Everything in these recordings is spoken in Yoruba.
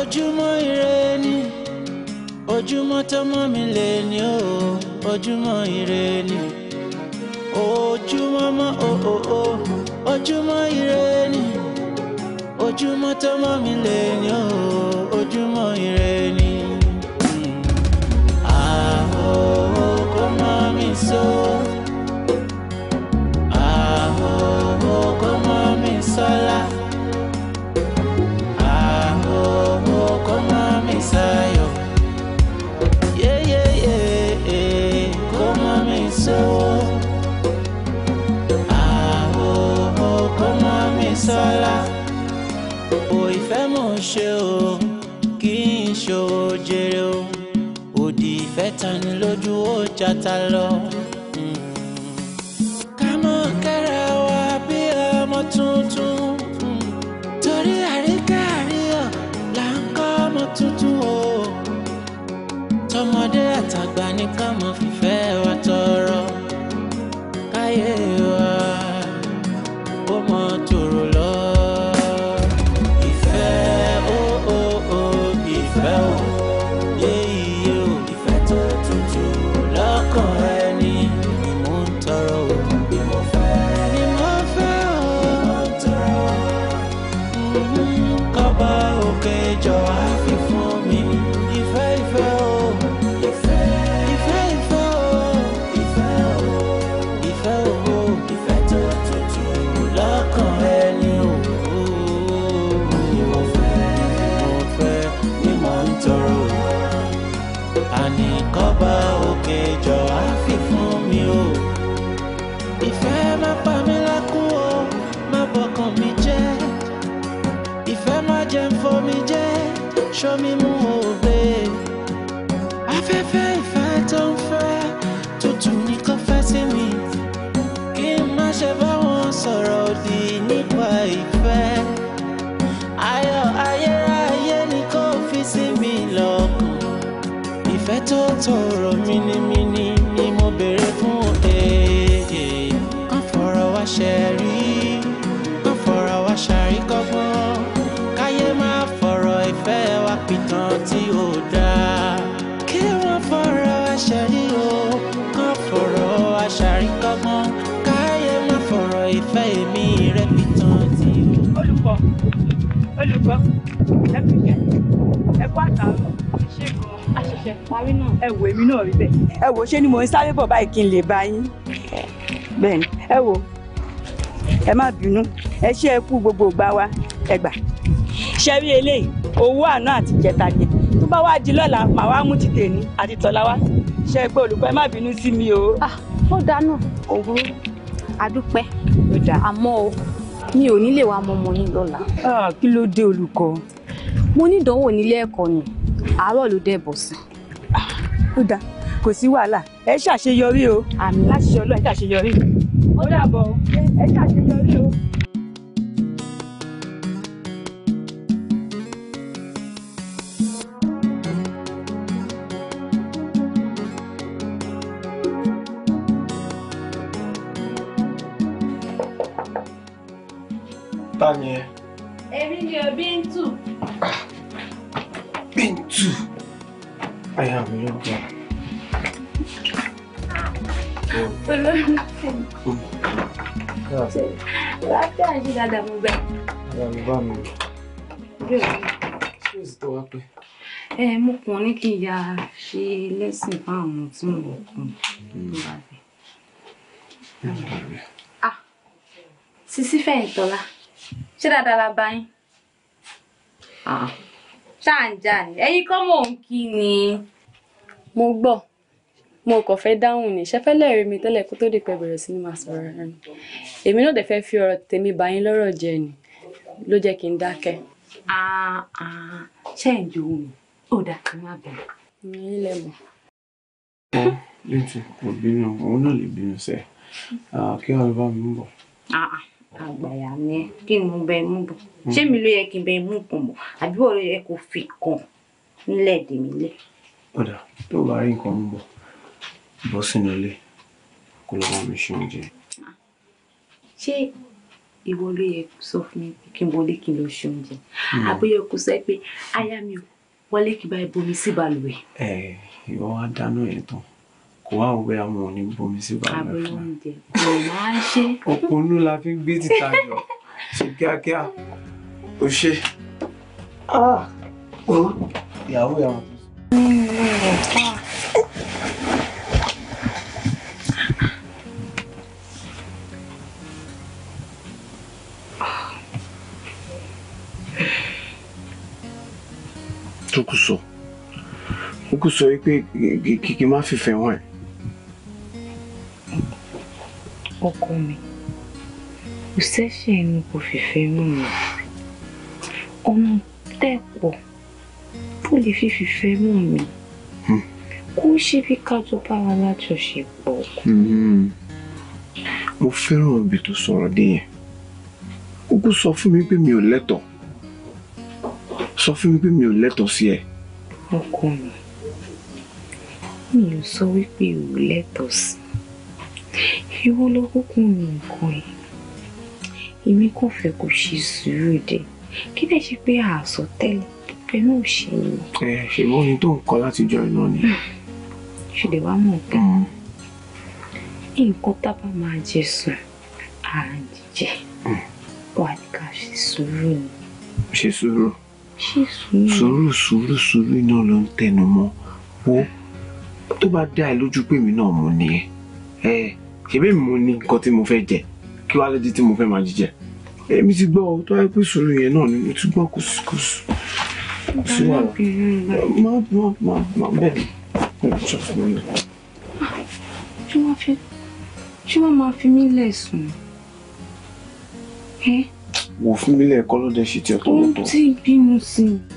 ojúmọ́ ire ni ojúmọ́ tọmọ mi lè ní o ojúmọ́ ire ni ojúmọ́ mọ́ o o o ojúmọ́ ire ni ojúmọ́ tọmọ mi lè ní o ojúmọ́ ire ni. àhó kó mọ́ mi sóò. ṣe o kí n ṣòwò jèrè o òdì ìfẹ́ tani lójú ó jata lọ. wa bí ọmọ tuntun torí àríkàrí ọ̀ là ń kọ́ ọmọ tuntun o tọmọdé àtàgbà ní ká mọ̀ ní kọ́ba òkè jọ àfi fún mi o. ìfẹ́ má pa mí lákún o má bọkàn mi jẹ́ ìfẹ́ má jẹ́ ń fọ́ mi jẹ́ ṣọ́ mi mọ́. tó tọrọ mínímíní ni mo béèrè fún èèyàn àfọ̀rọ̀wáṣẹ́ rí àfọ̀rọ̀wáṣẹ́ rí kọ́gbọ́n káyé máa fọ̀rọ̀ ìfẹ́ wa pìtàn tí ó dáa kí wọ́n fọ̀rọ̀ àṣà rí o kàn fọ̀rọ̀ àṣà rí kọ́gbọ́n káyé máa fọ̀rọ̀ ìfẹ́ èmi rẹ pìtàn tí ó. olùkọ́ olùkọ́ ẹ fi jẹ ẹ ṣe parí náà. ẹ wo èmi náà rí bẹ́ẹ̀ ẹ wo ṣé ni mò ń sáré bọ̀ báyìí kí n lè bá yín bẹ́ẹ̀ ni ẹ wo ẹ má bínú ẹ ṣe ẹ kú gbogbo ìgbà wa ẹ gbà ṣe rí eléyìí owó àná àti ìjẹta ni tó bá wá di lọ́la màá wá mú ti tèmi àti tọ́lá wá ṣe é pé olùkọ́ ẹ má bínú sí mi o. Ah, ó dáná òwúrọ̀ àdúpẹ́ àmọ́ o mi ò ní lè wá mọ ọmọ yín lọ́la. Ah, kí ló dé olùkọ́. mo ní ìdánwò nílé ẹ̀kọ́ ni àárọ̀ ló dẹ̀ bọ̀ sí i ó dáa kò sí wàhálà ẹ ṣàṣeyọrí o àmín láṣìṣe ọlọ́ọ̀ ẹ ṣàṣeyọrí ó dàbọ̀ ẹ ṣàṣeyọrí o. ta ni ẹ. èmi ni o Bíntù. Ah, Bíntù. I am looking. Láti àṣì dáadáa mo gbà. Ara mi bá mi. Ṣé èsì tó wá pẹ́? Ẹ mú kàn ní kí ìyá ṣe lẹ́sìn fún àwọn tí mo kùn tó bá fẹ́. Ah! Sisi fẹ̀yìntọ́lá, ṣé dáadáa la bá yín? Ah! tá à ń jà ní ẹ̀yin kọ́ mò ń kí ni. mo gbọ́ mo kàn fẹ́ dáhùn ni ṣẹ́fẹ́ lẹ́rìí mi tẹ́lẹ̀ kó tó di pé bẹ̀rẹ̀ sí ni máa sọ̀rọ̀ rẹ̀ ni èmi náà dẹ̀ fẹ́ fi ọ̀rọ̀ tèmi bá yín lọ́rọ̀ jẹ ni ló jẹ́ kí n dákẹ́. ṣé ẹ̀ ń jowó mi ó dà kí n má bẹ̀rẹ̀. yín lẹ mọ̀. létí kò bínú òun náà lè bínú sẹ́ẹ̀ kí wàá bá mi ń bọ̀ àgbàyà ni kí ni mo bẹ mú bọ hmm. ṣé mi ló yẹ kí n bẹ mú nǹkan bọ àbí wọn ló yẹ kó fi kàn nílẹ̀ dè mí lé. ọ̀dà tó bá rí nǹkan mú bọ̀ bọ́ sínú ilé kó lọ bá mi ṣe oúnjẹ. ṣé ìwọ ló yẹ sọ fún mi kí n wọlé kí n lọ ṣe oúnjẹ hmm. àbúyọ kò sọ pé aya mi ò wọlé kí n bá bomi sí ẹ ìwọ wá dáná ẹ tán kò wá òwe àwọn òní bomi sí bàbá mẹ́fà òpónú la fi ń gbé títa jọ ṣe kíákíá o ṣe ah, ìyàwó ìyàwó. tó kù sọ ó kù sọ wípé kí n ẹ̀. ọkọ mi kò sẹ́ṣẹ̀ inú kò fìfẹ́ ràn mí ọ̀nà tẹ̀pọ̀ tó lè fi fìfẹ́ ràn mí hmm. kó ṣe bí ká tó bára lájọṣepọ̀. Hmm. mo fẹ́ràn ibi tó sọ̀rọ̀ dé yẹn kúkú sọ fún mi pé mi ò lẹ́tọ̀ọ́ sọ fún mi pé mi ò lẹ́tọ̀ọ́ sí ẹ. ọkọ mi mi ò sọ wípé ò lẹ́tọ̀ọ́ sí ìwọ ló kúkú ní nǹkan yìí èmi kò fẹ́ kó ṣe sùúrù dé kí lè ṣe pé àṣọ tẹ́lẹ̀ pé náà ṣe ni. ẹ ṣèwọ́n ni tó ń kọ́ látijọ́ iná ni. Hmm. ṣùgbọ́n wàá mọ̀ pé hmm. nǹkan tábà máa jẹ sùn à ń jẹ hmm. wà ní ká ṣe sùúrù ni. ṣe sùúrù. ṣe sùúrù. sùúrù sùúrù sùúrù iná ló ń tẹnu mọ́ wo tó bá dá ẹ lójú pé mi náà mú ni ẹ. Eh ṣebí mo ní nǹkan tí mo fẹ́ jẹ kí wàá lójú tí mo fẹ́ máa jíjẹ èmi ti gbọ́ tó yẹ pé sùúrù yẹn náà ni mo ti gbọ́ kò sí kò sí kò sí wàhálà má má má má bẹ́ẹ̀ ni mo sọ fún mi. ṣé wọ́n fi ṣé wọ́n máa fi mí lẹ̀ sùn? wò fún mi lẹ́ẹ̀kọ́ lóde ṣe ti ọ̀tọ̀ lọ́tọ̀. ó ti bínú sí i.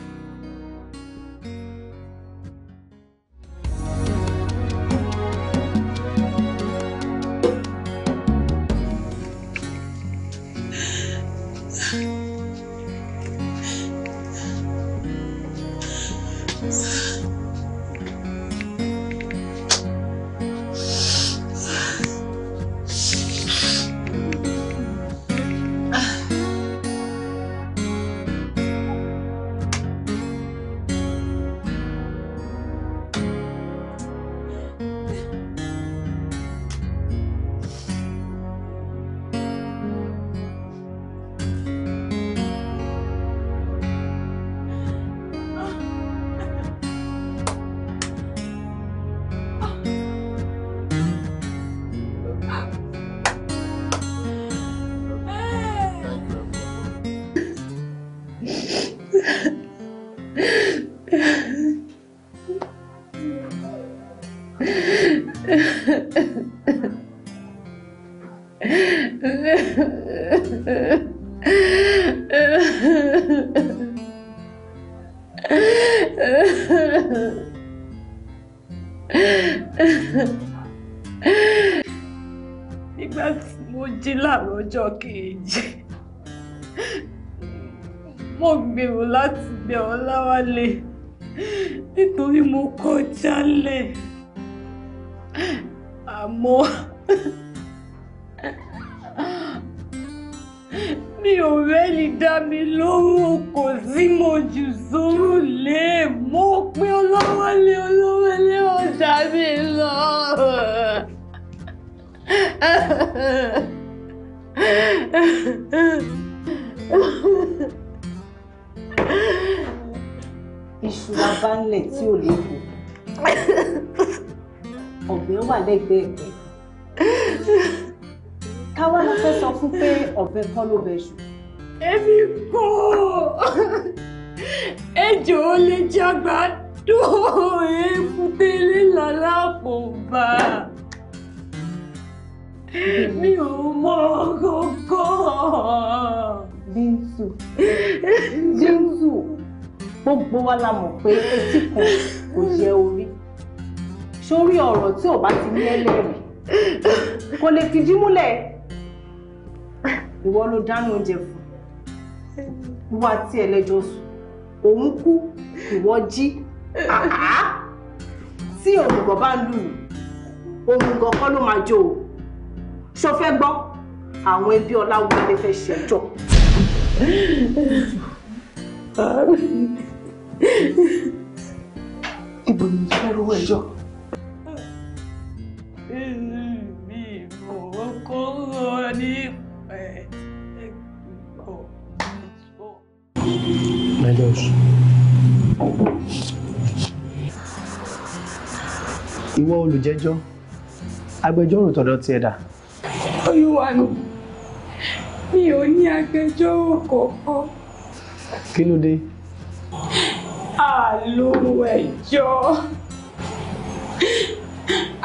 jalè nítorí mo kọ̀ jalè àmọ́ mi ò rẹ́ni dá mi lóró kò sí mo jù sóró lé mo pé olówó lé olówó lé ọ̀dà mi lọ. Ha ha ha. ìtura bá ń lẹ̀ tí ò léwu ọ̀bẹ wà lẹ́gbẹ̀ẹ́ ẹ̀pẹ́ káwa ló fẹ́ sọ fún pé ọ̀bẹ kọ́ ló bẹ ṣù. èmi kò ejò ó lè jágbá tó èèfù délé lálá kò bá mi ò mọ kókó. Bíntù Bíntù gbogbo wa la mọ̀ pé etí kan kò yẹ orí sórí ọ̀rọ̀ tí ò bá ti ní ẹlẹ́rìí kò lè fìdí múlẹ̀ ìwọ ló dáná oúnjẹ fún ìwọ àti ẹlẹ́jọ́ sùn òun kú ìwọ jí tí òmùgọ̀ bá ń lùlù òmùgọ̀ kọ́ ló máa jó o ṣo fẹ́ gbọ́ àwọn ẹbí ọláwọlé fẹ́ ṣẹjọ́ ibo ni mo rówó ẹjọ́. inú mi mò ń kóró ní pẹ́ ẹ̀kọ́. My Ìwọ olùjẹ́jọ́, agbẹjọ́rò tọ̀dọ̀ ti ẹ̀dà. Olúwa mi, mi ò ní agbẹjọ́rò kọ̀ọ̀kan. Kí ló dé? àlùwẹ̀jọ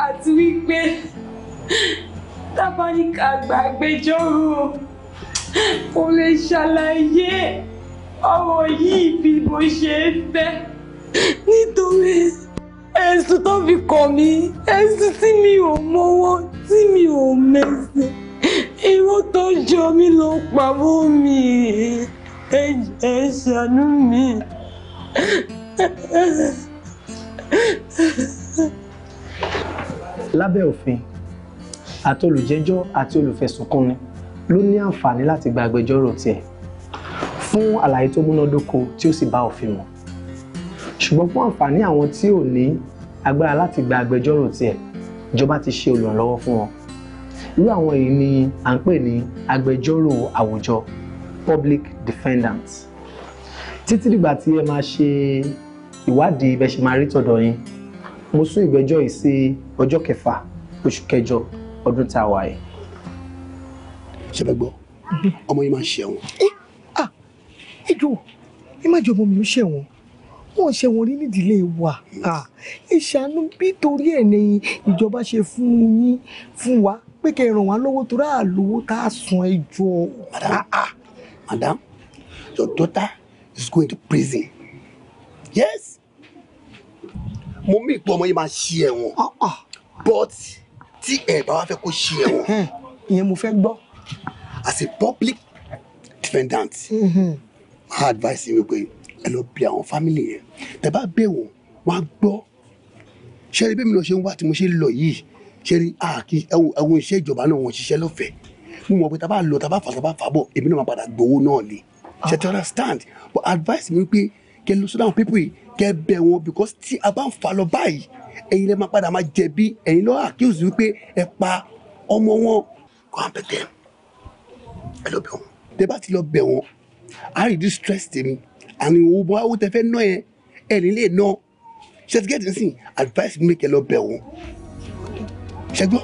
àti wípé tábánikà gbàgbẹjọ́rò kò lè ṣàlàyé ọ̀rọ̀ yìí bí mo ṣe ń fẹ́ nítorí ẹ̀sùn tó fi kàn mí ẹ̀sùn tí mi ò mọ́wọ́ tí mi ò mẹ́sẹ̀ irú tó jọ mí ló pa mọ́ mi ẹ̀jẹ̀ ṣàánú mi lábẹ́ òfin àti olùjẹ́jọ́ àti olùfẹ̀sùnkanni ló ní àǹfààní láti gba agbẹjọ́rò tiẹ̀ fún àlàyé tó múnádóko tí ó sì bá òfin mu ṣùgbọ́n fún àǹfààní àwọn tí ò ní agbára láti gba agbẹjọ́rò tiẹ̀ ìjọba ti ṣe olùrànlọ́wọ́ fún wọn irú àwọn èyí ni à ń pè ní agbẹjọ́rò àwùjọ public defendants títí dìgbà tí ẹ máa ṣe ìwádìí bẹ́ẹ̀ ṣe máa rí tọ̀dọ̀ yín mo sún ìgbẹ́jọ́ yìí sí ọjọ́ kẹfà oṣù kẹjọ ọdún tá a wà yìí. ṣe fẹ́ gbọ́ ọmọ yìí máa ń ṣẹ̀wọ̀n. Eh, ah, ẹ ẹ dùn ẹ má jẹ ọmọ mi ó ṣẹ̀wọ̀n wọn ṣe wọn rí nídìílé wa ìṣàánú ah, bí torí ẹ ní ìjọba ṣe fún yín fún wa pé kẹ ràn wá lọ́wọ́ torí àlówó tá a san ẹjọ́. madam ah, madam your daughter is going to prison yes mo mí ìpò ọmọ yìí máa ṣe ẹ̀wọ̀n ah, ah. but tí ẹ bá wá fẹ́ kó ṣe ẹ̀wọ̀n. Hmm. ìyẹn mo fẹ́ gbọ́. as a public defendant máa mm-hmm. advice yín wípé ẹ lọ bí àwọn family yẹn tẹ́ bá bẹ̀ wọ́n wọ́n á gbọ́ ṣe rí bí mi lọ ṣe ń wá tí mo ṣe lọ yìí ṣe rí àkí ẹ̀wọ̀n iṣẹ́ ìjọba náà wọ́n ṣiṣẹ́ lọ́fẹ̀ẹ́ mo mọ̀ pé tá a bá lọ tá a bá fà tá a bá fà bọ̀ èmi náà máa padà gbowó náà ni ṣe ti understand but advice mi pé kẹ lọ sọ́dọ̀ àwọn people yìí kẹ bẹ̀ wọ́n because tí a bá ń fa lọ báyìí ẹ̀yin lẹ máa padà máa jẹ̀bi ẹ̀yin lọ accuse wípé ẹ pa ọmọ wọn go and beg them ẹ lọ bẹ̀ wọ́n tẹ bá ti lọ bẹ̀ wọ́n a reduce stress tèmi àní owó bọ́ owó tẹ fẹ́ ná yẹn ẹ̀ nílé ná ṣe ti gẹ́tì nísìnyí advice mi kẹ lọ bẹ̀ wọ́n ṣe gbọ́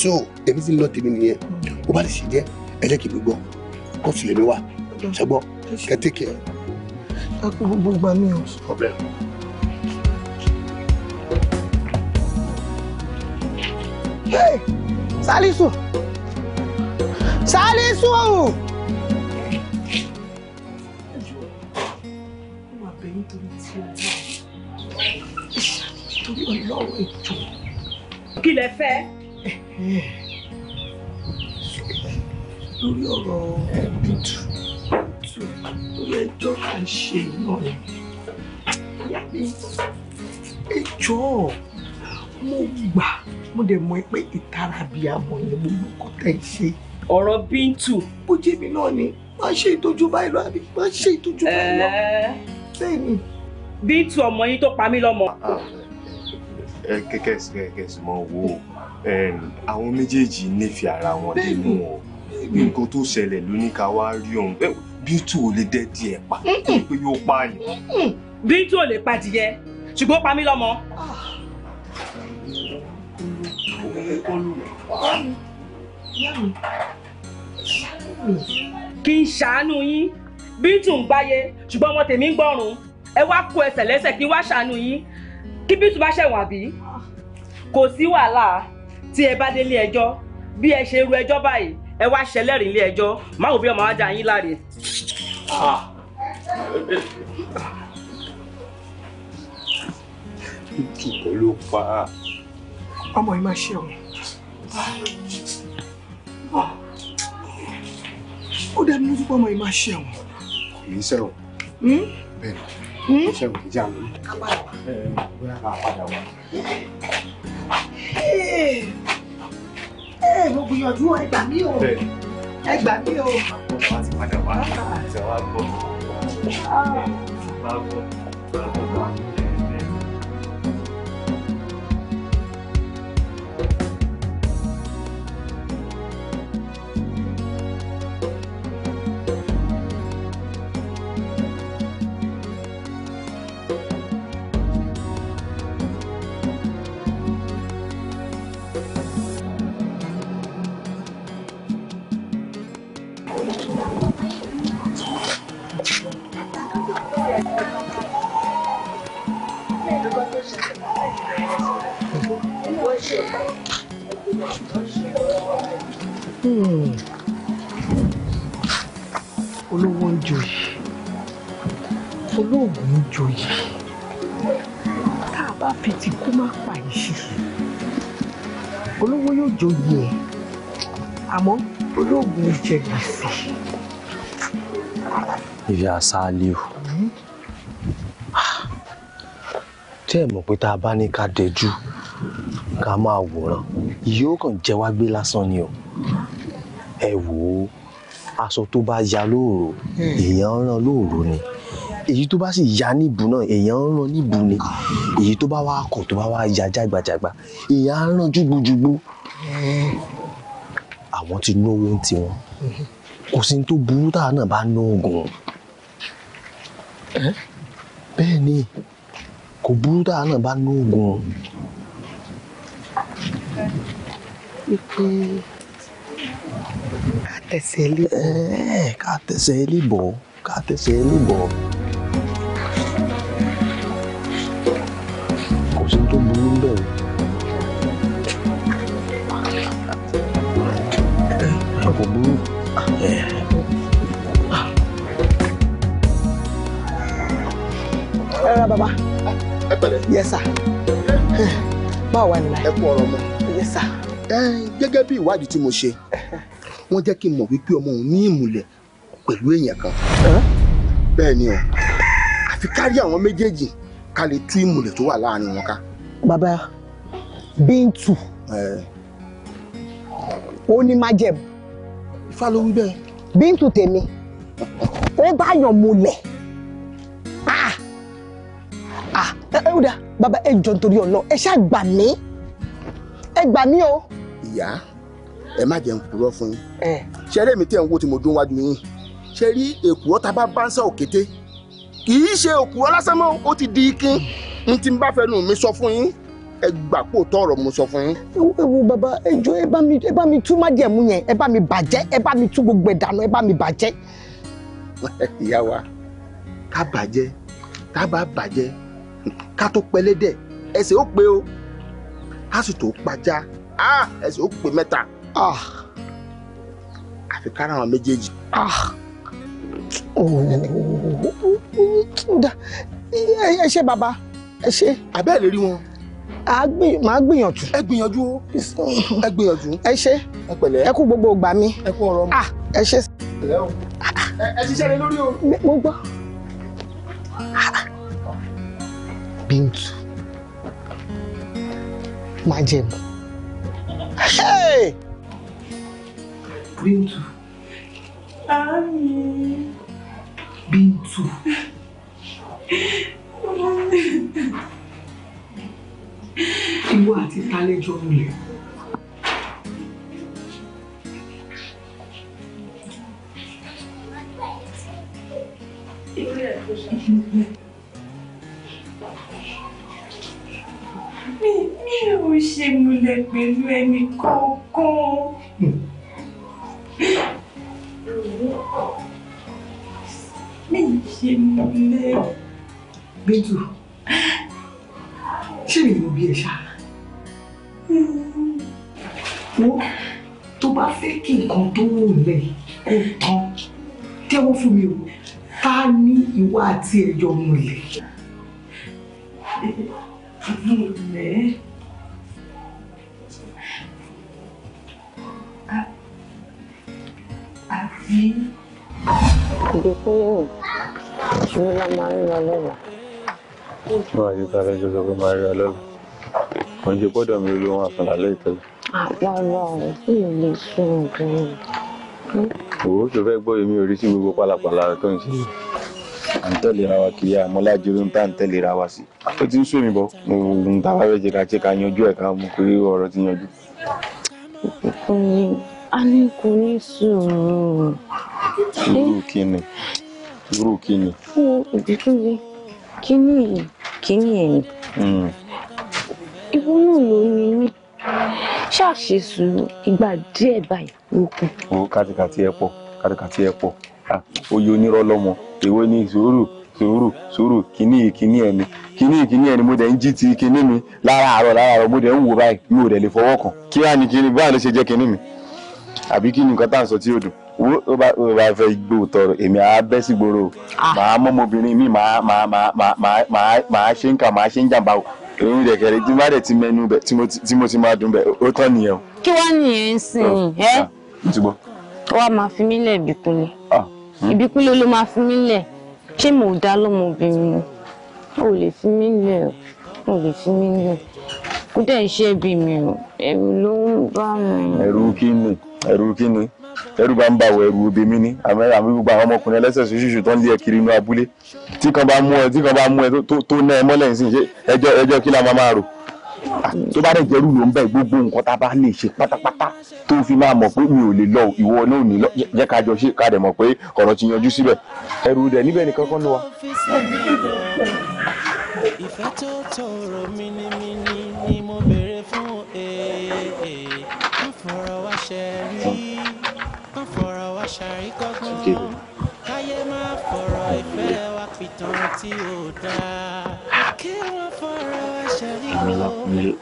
so èmi ti lọ tèmi nìyẹn bó bá lè ṣe jẹ́ ẹ jẹ́ kí mi gbọ́ kó sì èmi wá ṣẹgbọ́ kẹtíkì ẹ. ẹ kú gbogbo ìgbà mi o. Hey, Salisu Salisu. torí ọlọ́run ìjọ. kí lẹ fẹ́ lórí ọ̀rọ̀ ẹ̀dùtù tù lórí ẹjọ́ tó ń ṣe iná rẹ̀. Ìyá mi, ẹ jọ̀ọ́, mo gbà mo dẹ̀ mọ̀ pé ìtara bíi àmọ̀ yẹn mo ló kọ́ tẹ̀ ṣe. Ọ̀rọ̀ Bíntù. Bó jẹ́ mi náà ni, má ṣe ìtọ́jú báyìí lọ àbí má ṣe ìtọ́jú báyìí lọ. Bẹ́ẹ̀ ni. Bíntù ọmọ yín tó pa mí lọ́mọ. Ah, ah. Kẹ́kẹ́ sí kẹ́kẹ́ sí mọ wo àwọn méjèèjì nífẹ̀ẹ́ ara wọn nínú wọn bí nǹkan tó ṣẹlẹ̀ ló ní ká wá rí òun bíntù ò lè dẹ́dí ẹ̀ pa pé yóò pààyàn. bíntù ò lè padìyẹ ṣùgbọ́n ó pa mí lọ́mọ. kí n ṣàánú yín bíntù ń gbáyé ṣùgbọ́n ọmọ tèmi ń gbọ́rùn ẹ wá kó ẹsẹ̀ lẹ́sẹ̀ kí n wá ṣàánú yín kí bíntù bá ṣẹ̀wọ̀n àbí kò sí wàhálà tí ẹ bá délé ẹjọ́ bí ẹ ṣe ru ẹjọ́ báyìí ẹ wá ṣẹlẹ́rìí ilé ẹjọ́ máa wò bí ọmọ ajá yín láre. ìkìkọ̀ ló pa ọmọ yìí máa ṣe ọ̀hún. ó dá mi lójú ọmọ yìí máa ṣe ọ̀hún. kò ní sẹ́wọ̀n hmm? bẹ́ẹ̀ ni sẹ́wọ̀n hmm? ìjà ló ń padà wá ẹ eh, mo gbìyànjú ẹ mí o ẹ mí o. àpò wa ti padà wá ah. àti àwa gbọ́ ah. olówó ń joyè olóògùn ń joyè tá a bá fi ti kú má pa ìṣe olówó yóò joyè ẹ àmọ́ olóògùn ń jẹ gbèsè. ìyá Sàlíù tí hmm? ah. ẹ mọ̀ pé tá a bá ní ká dẹjú ká máa wòran yóò kàn jẹ wá gbé lásán ni o ẹ wò ó aṣọ tó bá ya lóòrò hmm. èèyàn ń rán lóòrò ni èyí tó bá sì ya níbù náà èèyàn ń rán ni èyí tó bá wá kọ̀ tó bá wá ya jágbajàgba èèyàn á rán hmm. àwọn ti náwó tiwọn kò sí tó burú táwa náà bá ná oògùn bẹ́ẹ̀ ni kò burú táwa náà bá ná oògùn tẹsẹ̀ lé. ẹ ká tẹsẹ̀ lé bọ̀ ká tẹsẹ̀ lé bọ̀. kò sí tó burú bẹ́ẹ̀. ẹ kò burú. ẹ rárá bàbá. ẹ pẹ̀lẹ́. yẹ sà báwo wà nínú. ẹ kú ọ̀rọ̀ mọ́. yẹ sà. gẹ́gẹ́ bí ìwádìí tí mo ṣe wọ́n jẹ́ kí n mọ̀ wípé ọmọ òun ní ìmùlẹ̀ pẹ̀lú èèyàn kan. bẹ́ẹ̀ ni o àfi kárí àwọn méjèèjì ká lè tú ìmùlẹ̀ tó wà láàrin wọn ká. bàbá Bíntù ó ní májẹ̀mú. Ifá ló wí bẹ́ẹ̀. Bíntù tèmi ó bá yàn mulẹ̀ ẹ ó dá bàbá ẹ jọ nítorí ọ̀nà ẹ ṣáà gbà mí ẹ gbà mí o. ìyá. Yeah ẹ má jẹ́ nkùrọ̀ fún yín ṣe eré mi tẹ̀ ń wo tí mo dún wájú yín ṣe rí èkùrọ̀ tá a bá bá ń sá òkété kì í ṣe òkùrọ̀ lásán mọ́ ó ti di ikin n ti bá fẹnu mi sọ fún yín ẹ gbà pò tọrọ mo sọ fún yín. ẹ wo bàbá ẹ jọ ẹ bá mi ẹ bá mi tú májẹ̀mú yẹn ẹ bá mi bàjẹ́ ẹ bá mi tú gbogbo ẹ dànù ẹ bá mi bàjẹ́. ìyá wa ká bàjẹ́ ká bá bàjẹ́ ká tó pẹlẹ́dẹ̀ ẹsẹ̀ ó pé o á sì tó pajá ẹsẹ̀ ó pé mẹ́ta. Ah. àfi kára àwọn méjèèjì. Ah. Oh, ẹ ṣe bàbá ẹ ṣe. àbẹ́ẹ̀ lè rí wọn màá gbìyànjú. ẹ gbìyànjú o ẹ gbìyànjú. ẹ ṣe ẹ pẹ̀lẹ́ ẹ kú gbogbo ìgbà mi. ẹ kú ọ̀rọ̀ mi. Ah, ẹ ṣe. ẹ ṣiṣẹ́ rẹ lórí o. mo gbọ́. Bintu máa jẹ mọ́. Bintu. Ami. Bintu. Ìwọ àti Tálẹ́jọ́ múlẹ̀. Mi mi ò ṣe múlẹ̀ pẹ̀lú ẹni kọ̀ọ̀kan. Hmm mi ṣe mi mo bí ẹ ṣá wo tó bá fẹ́ kí nǹkan tó wù lẹ̀ kó tán tẹ́wọ́ fún mi o ta ní ìwà àti ẹ̀yọ́ mulẹ̀. mulẹ̀. Ìdókòwò ìṣúná la máa ń ra lọ́la. Wọ́n á yí kálẹ̀ jù lọ́wọ́ máa ń ra lọ́la. Wọ́n jẹ́ gbọ́dọ̀ mi ló wọn àfàlà lẹ́tẹ̀lẹ̀. Àpárá ẹ̀ sì lè ṣe nǹkan. Òwò tó fẹ́ gbọ́ èmi ò rí sí gbogbo pálapàla tó ń ṣe. À ń tẹ̀lé ra wa kiri àmọ́lájú ló ń tà ń tẹ̀lé ra wa sí. Ó ti ń sún mi bọ̀. Mo ń tàbá fẹ́ jẹ́ ká ṣe ká yanjú ẹ̀ ká mú pé ọ̀rọ̀ ti yanjú a ní kò ní sùúrù. sùúrù kí ni sùúrù kí ni. fún ìdílé kíní yìí kíní ẹ̀yìn. Hmm. ìwọ náà ló ní mí ṣáàṣì sùúrù ìgbà díẹ̀ báyìí ló kù. o kàtìkàtì ẹ pọ̀ kàtìkàtì ẹ pọ̀ oyè onírọ́ lọ́mọ èwo ni sùúrù sùúrù sùúrù kíní yìí kíní ẹ̀ ni kíní yìí kíní ẹ̀ ni mo dẹ̀ ń jí ti kíní mi lára àárọ̀ lára àárọ̀ mo dẹ̀ ń wò báyìí mi ò dẹ̀ lè fọwọ́ kàn kí wàá ní kíní báyìí ló ṣe jẹ́ kíní mi àbí kí ni nǹkan tá à ń sọ tí yóò dùn wo ó bá ó bá fẹ́ gbó tọrọ èmi àá bẹ́ sí gbòòrò ah. màá mọ́mọbìnrin mi màá màá màá màá màá ṣe ń kà màá ṣe ń jàǹbá o èyí rẹ̀ kẹrẹ tí má dẹ̀ ti mẹ́nu bẹ̀ tí mo ti máa dùn bẹ̀ ó tán nìyẹn o. kí wàá nìyẹn ń sìn ẹ́ wàá máa fi mí lẹ̀ ìbíkúnlẹ̀ hmm. ìbíkúnlẹ̀ ló máa fi mí lẹ̀ ṣé mo dá lọ́mọbìnrin mi lè fi mí lẹ̀ ò lè fi mí lẹ̀ kó dẹ̀ ṣe ẹbí mi o ẹ̀rù ló ń bá mi. ẹ̀rù kí ni. eru kini ẹ̀rù bá ń bà wọ ẹ̀rù obì mi ni àmì gbogbo àwọn ọmọkùnrin ẹlẹ́sẹ̀ ṣoṣooṣù tó ń lé ẹ kiri inú abúlé tí kan bá kan bá mú ẹ tó ná ẹ ṣe kí la máa máa rò tó bá gbogbo nǹkan tá a bá lè ṣe pátápátá tó fi máa mọ pé mi ò lè lọ ìwọ náà ní lọ jẹ́ ká jọ ṣe ká ti yanjú síbẹ̀ níbẹ̀ nìkan kọ́ fọ̀rọ̀ wá ṣẹ̀rí kán fọ̀rọ̀ wá ṣàríkọ́gbọ́n káyé má fọ̀rọ̀ ìfẹ́ wa pìtàn tí ò dáa kí wọ́n fọ̀rọ̀ wá ṣàríkọ́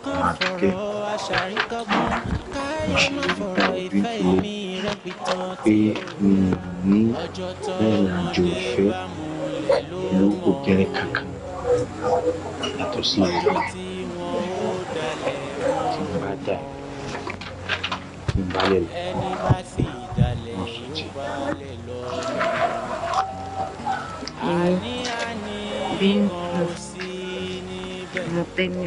kán fọ̀rọ̀ wá ṣàríkọ́gbọ́n káyé má fọ̀rọ̀ ìfẹ́ mi rẹ̀ pìtàn tí ò dáa ọjọ́ tó ń dé bá mú lẹ̀ ló mọ̀ yàtọ̀ sí ìlú tí wọ́n ó dalẹ̀ mọ́ kí n balẹ̀ lọ. ẹni bá sì dalẹ̀ yóò balẹ̀ lọ. àní àní kan ò sí níbẹ̀. mo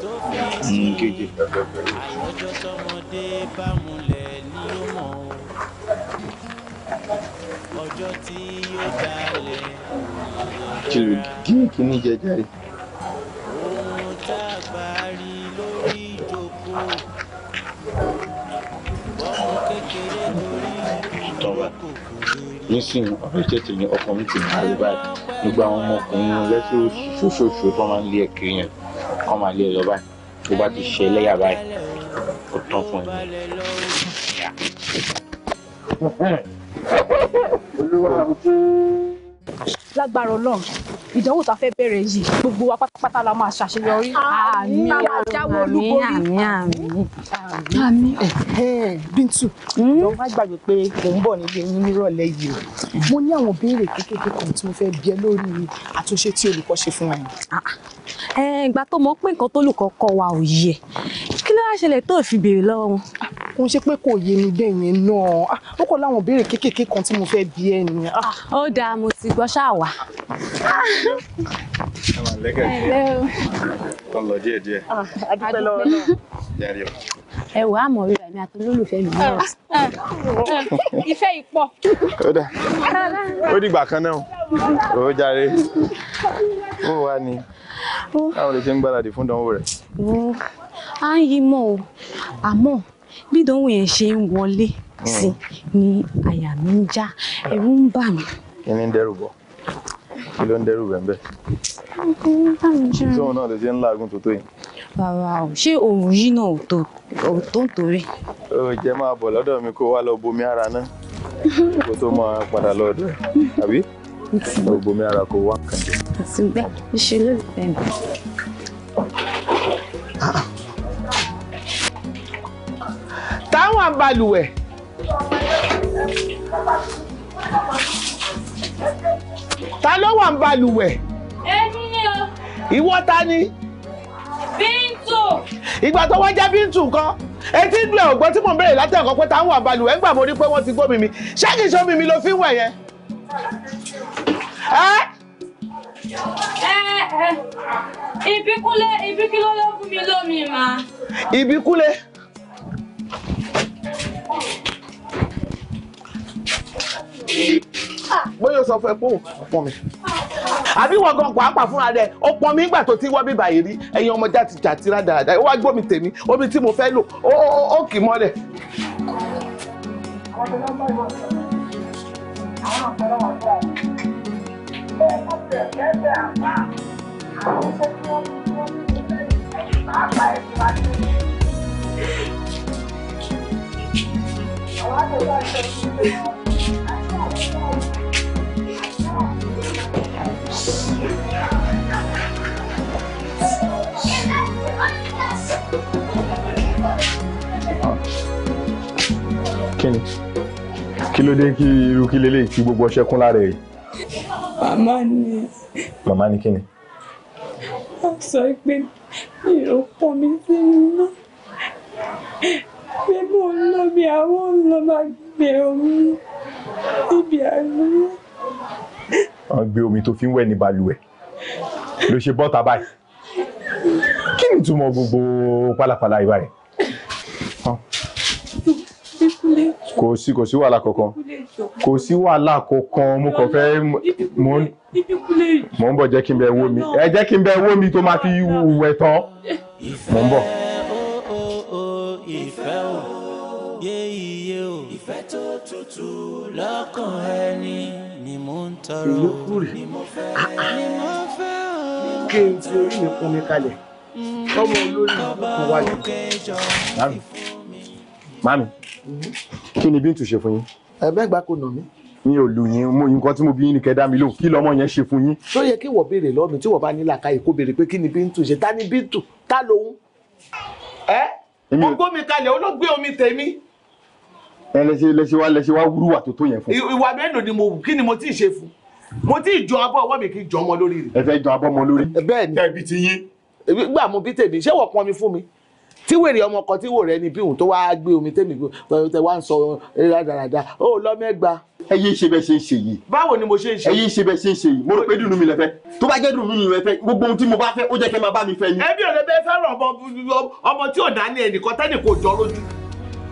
kéde. àìmọ́jọ́ tọmọdé bá múlẹ̀ ní ó mọ̀ o ọjọ́ tí yóò dalẹ̀. jùlọ gé kínní jẹjẹrẹ. ohun tá a bá rí lórí ìjókòó ọmọ kékeré lórí ìjókòó nísìnyí ọ̀rọ̀ tètè ní ọkọ mi ti ní àríwá nígbà àwọn ọmọkùnrin lẹ́sẹ̀ oṣù ṣoṣooṣù tó máa ń lé ẹ̀kiri yẹn wọ́n máa lé ẹ lọ báyìí tó bá ti ṣe ẹlẹ́yà báyìí ó tán fún ẹ. olúwa ọ̀hún lágbára Ọlọ́run ìdánwò tá a fẹ́ bẹ̀rẹ̀ yìí gbogbo wa pátápátá la máa ṣàṣeyọrí. àmín àmín àmín àmín àmín. Bíntù lọ́wọ́ hmm? má gbàgbé pé mò ń bọ̀ nílé yín nírọ̀lẹ́ yìí o mo ní àwọn béèrè kékeré kan tí mo fẹ́ bí ẹ lórí àtúnṣe tí olùkọ́ ṣe fún wa yìí. Ah, ah. ìgbà tó mọ̀ pé nǹkan tó lùkọ́ kọ́ wa ò yẹ kí ló wá ṣẹlẹ̀ tó fi béèrè lọ́wọ́ wọn kò ń ṣe pé kò yé mi bẹ́ẹ̀ yẹn náà ah, ó kọ́ láwọn ìbéèrè kéékèèké kan tí mo fẹ́ bi ẹ ni. Ah. Ah, ó dáa mo ti gbọ́ ṣáà wá. ẹ máa lẹ́kẹ̀ẹ́ díẹ̀ tán lọ díẹ̀ díẹ̀. adúpẹ́ lọ́wọ́ náà. ẹ wò á mọ̀ rí àmì àti olólùfẹ́ mi náà. ìfẹ́ yìí pọ̀. ó dà ó dìgbà kan náà ó jàre ó wà ní báwo lè ṣe ń gbáradì fún ìdánwò rẹ̀. à ń yí mọ́ o àmọ́ bí ìdánwò yẹn ṣe ń wọlé sí hmm. ni àyà mi ń já ẹ̀rù ń bà mí. kí ni ń dẹ́rù bọ̀ kí ló ń dẹ́rù bẹ̀ ń bẹ̀. sóun náà lè ṣe ń láàgùn tó tó yìí. bàbá o ṣé òun yìí náà ò tó ń torí. ó jẹ́ máa bọ̀ lọ́dọ̀ mi kó wá lọ bomi ara náà kó tó máa padà lọ́dọ̀ ẹ̀ àbí lọ bomi ara kó wá kàn jẹ́. àti bẹ́ẹ̀ ṣe ló mi. ń balùwẹ̀. ta ló wà ń balùwẹ̀. èmi ni o. ìwọ ta ni. bíntù. ìgbà tó wá jẹ́ bíntù kan etí ìlú ẹ̀ ògbọ́n tí mò ń bèrè látẹ̀kọ́ pé ta ń wà balùwẹ̀ ńgbà mo rí pé wọ́n ti gbómi mi ṣé kìí ṣe omi mi ló fi ń wẹ̀ yẹn. ẹ́ ẹ́ ló fún mi lómi mà. ìbíkúlé bóyá sọ fún ẹ pé ó pọn mi àbí wọn gan pàápàá fúnra rẹ ó pọn mi nígbà tó ti wọ́n bíbà yìí rí ẹ̀yin ọmọ jáde jàti rádaràdà ó wá gbọ́ mi tèmi omi tí mo fẹ́ lò ó kì í mọ́lẹ̀. Thank you. kíni kí ló dé kí irú kí lélẹ̀ kí gbogbo ọṣẹ kún lára ẹ̀. màmá ni. màmá ni kíni. wọ́n sọ pé mi ò pọ̀ mi sínú náà pé mo ń lọ bí àwọn ń ibi omi ibi àgbẹ̀. wọ́n gbé omi tó fi ń wẹ̀ ní balùwẹ̀ ló ṣe bọ́ta báyìí kí ni ìtumọ̀ gbogbo pálapàla ìbá rẹ̀. kò sí kò sí wàhálà kankan kò sí wàhálà kankan mo kàn fẹ́ mo ń bọ̀ jẹ́ kí n bẹ wó mi ẹ jẹ́ kí n bẹ wó mi tó máa fi wẹ̀ tán mo ń bọ̀. ìfẹ́ o ìfẹ́ o ìfẹ́ tó tutù lọ́kàn ẹni ni mo ń tọrọ ni mo fẹ́ ah, ah. ni mo fẹ́ o. kí n fi orí mi kún mi kalẹ̀ mm, tọ́mọ olórí kan wá ní. mami mami kí ni Bíntù ṣe fún yín. ẹ̀bẹ́ gba kò nà mí. mi ò lù yín mo nǹkan tí mo bí yín ni kẹ́dá mi lò kí lọ́mọ yẹn ṣe fún yín. tó yẹ kí wọ́n béèrè lọ́ọ̀mì tí wọ́n bá ní làkàyè kó béèrè pé kí ni Bíntù ṣe ta ni Bíntù ta lòun. ẹ ó gbómi kalẹ̀ ó ló gbé omi tèmi ẹ lẹsẹ lẹsẹ wa lẹsẹ wa wúrúwà tó tó yẹn fún. ìwà mẹ́nu ni mo kí ni mo ti ṣe fún mo ti jọ abọ́ ọwọ́ mi kí jọ ọmọ lórí rẹ̀. ẹ fẹ́ jọ abọ́ ọmọ lórí. Eh, bẹ́ẹ̀ ni ẹbí ti yín. gbà mo bí tèmi ṣé wọ́n pọn mi fún mi tí wèrè ọmọ kan tí wò rẹ ni bí òun tó wáá gbé omi tèmi tẹ wá ń sọ dáradára ó lọ mẹ́gba. ẹ yé ṣe bẹ́ẹ̀ ṣe ń ṣe yìí. báwo ni mo ṣe ń ṣe. ẹ yé ṣe bẹ́ẹ̀ ṣe ń ṣe yìí mo rò pé dùnú mi lẹ fẹ́ tó bá jẹ́ dùnú mi lẹ fẹ́ gbogbo ohun tí mo bá fẹ́ ó jẹ́ kẹ́ máa bá mi fẹ́ ni. ẹbí ò lè bẹ fẹ́ràn ọmọ tí ò dání ẹnìkan tẹ́nì kò jọ lójú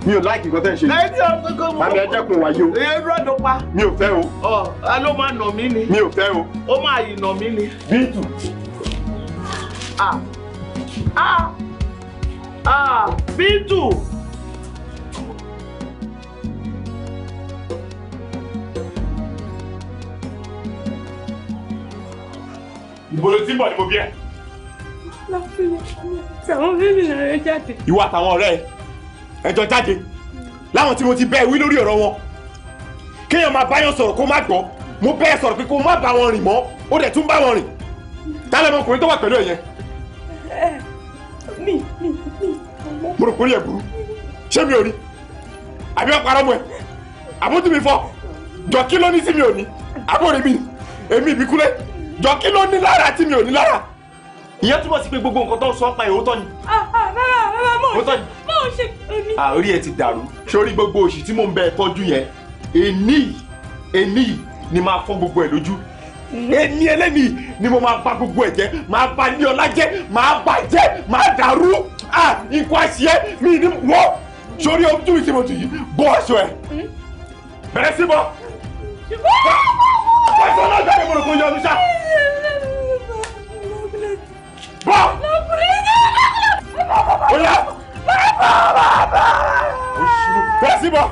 mi ò láìkì nǹkan tẹ́ ń ṣe. ẹ ti kò mú. màmí ẹjẹ kun wáyé o. ẹ rọ pa. mi ò fẹ́ o. ọ a ló máa nà mí ni. mi ò fẹ́ o. ó máa yì nà mí ni. bíntù. ah, ah, a bíntù. ìbòlò tí ń bọ̀ ni mo bí ẹ. láfíìlì àwọn bíbí náà rẹ jáde. ìwọ àtàwọn ọ̀rẹ́ ẹ ẹjọ́ jáde láwọn tí mo ti bẹ́ẹ̀ wí lórí ọ̀rọ̀ wọn kéèyàn máa báyọ̀ sọ̀rọ̀ kó má gbọ́ mo bẹ́ẹ̀ sọ̀rọ̀ pé kó má bá wọn rìn mọ́ ó dẹ̀ tún bá wọn rìn tálẹ̀ ọmọkùnrin tó wà pẹ̀lú ẹ̀yẹ. mo rò kórìí ẹ̀ burú ṣé mi ò rí àbí wọn parọ́ mọ́ ẹ àbótú mi fọ́ jọ kí ló ní sí mi ò ní àbórí mi èmi ìbí kúlẹ̀ jọ kí ló ní lára tí mi ò ní lára ìyẹn túbọ̀ sí pé gbogbo nǹkan tó ń sọ ọ́ pa ìhótọ́ ni. bàbá ah, ah, bàbá mò ń báwo ṣe omi. àórí ẹ ti dàrú sórí gbogbo òṣì tí mò ń bẹ tọ́jú yẹn èní èní ni máa fọ́ gbogbo ẹ̀ lójú èní ẹlẹ́ni ni mo máa bà gbogbo ẹ̀ jẹ́ máa bà ní ọlá jẹ́ máa bàjẹ́ máa dàrú nǹkan àṣìyẹ mi ní wọ́ sórí ojú ìṣèmọ̀tò yìí bọ́ aṣọ ẹ̀ hmm? bẹ̀rẹ̀ sí bọ́. Pàṣẹ náà jáde mo rò kó yọ ọdún ṣá. Bọ́! bẹ́ẹ̀ sí bọ́.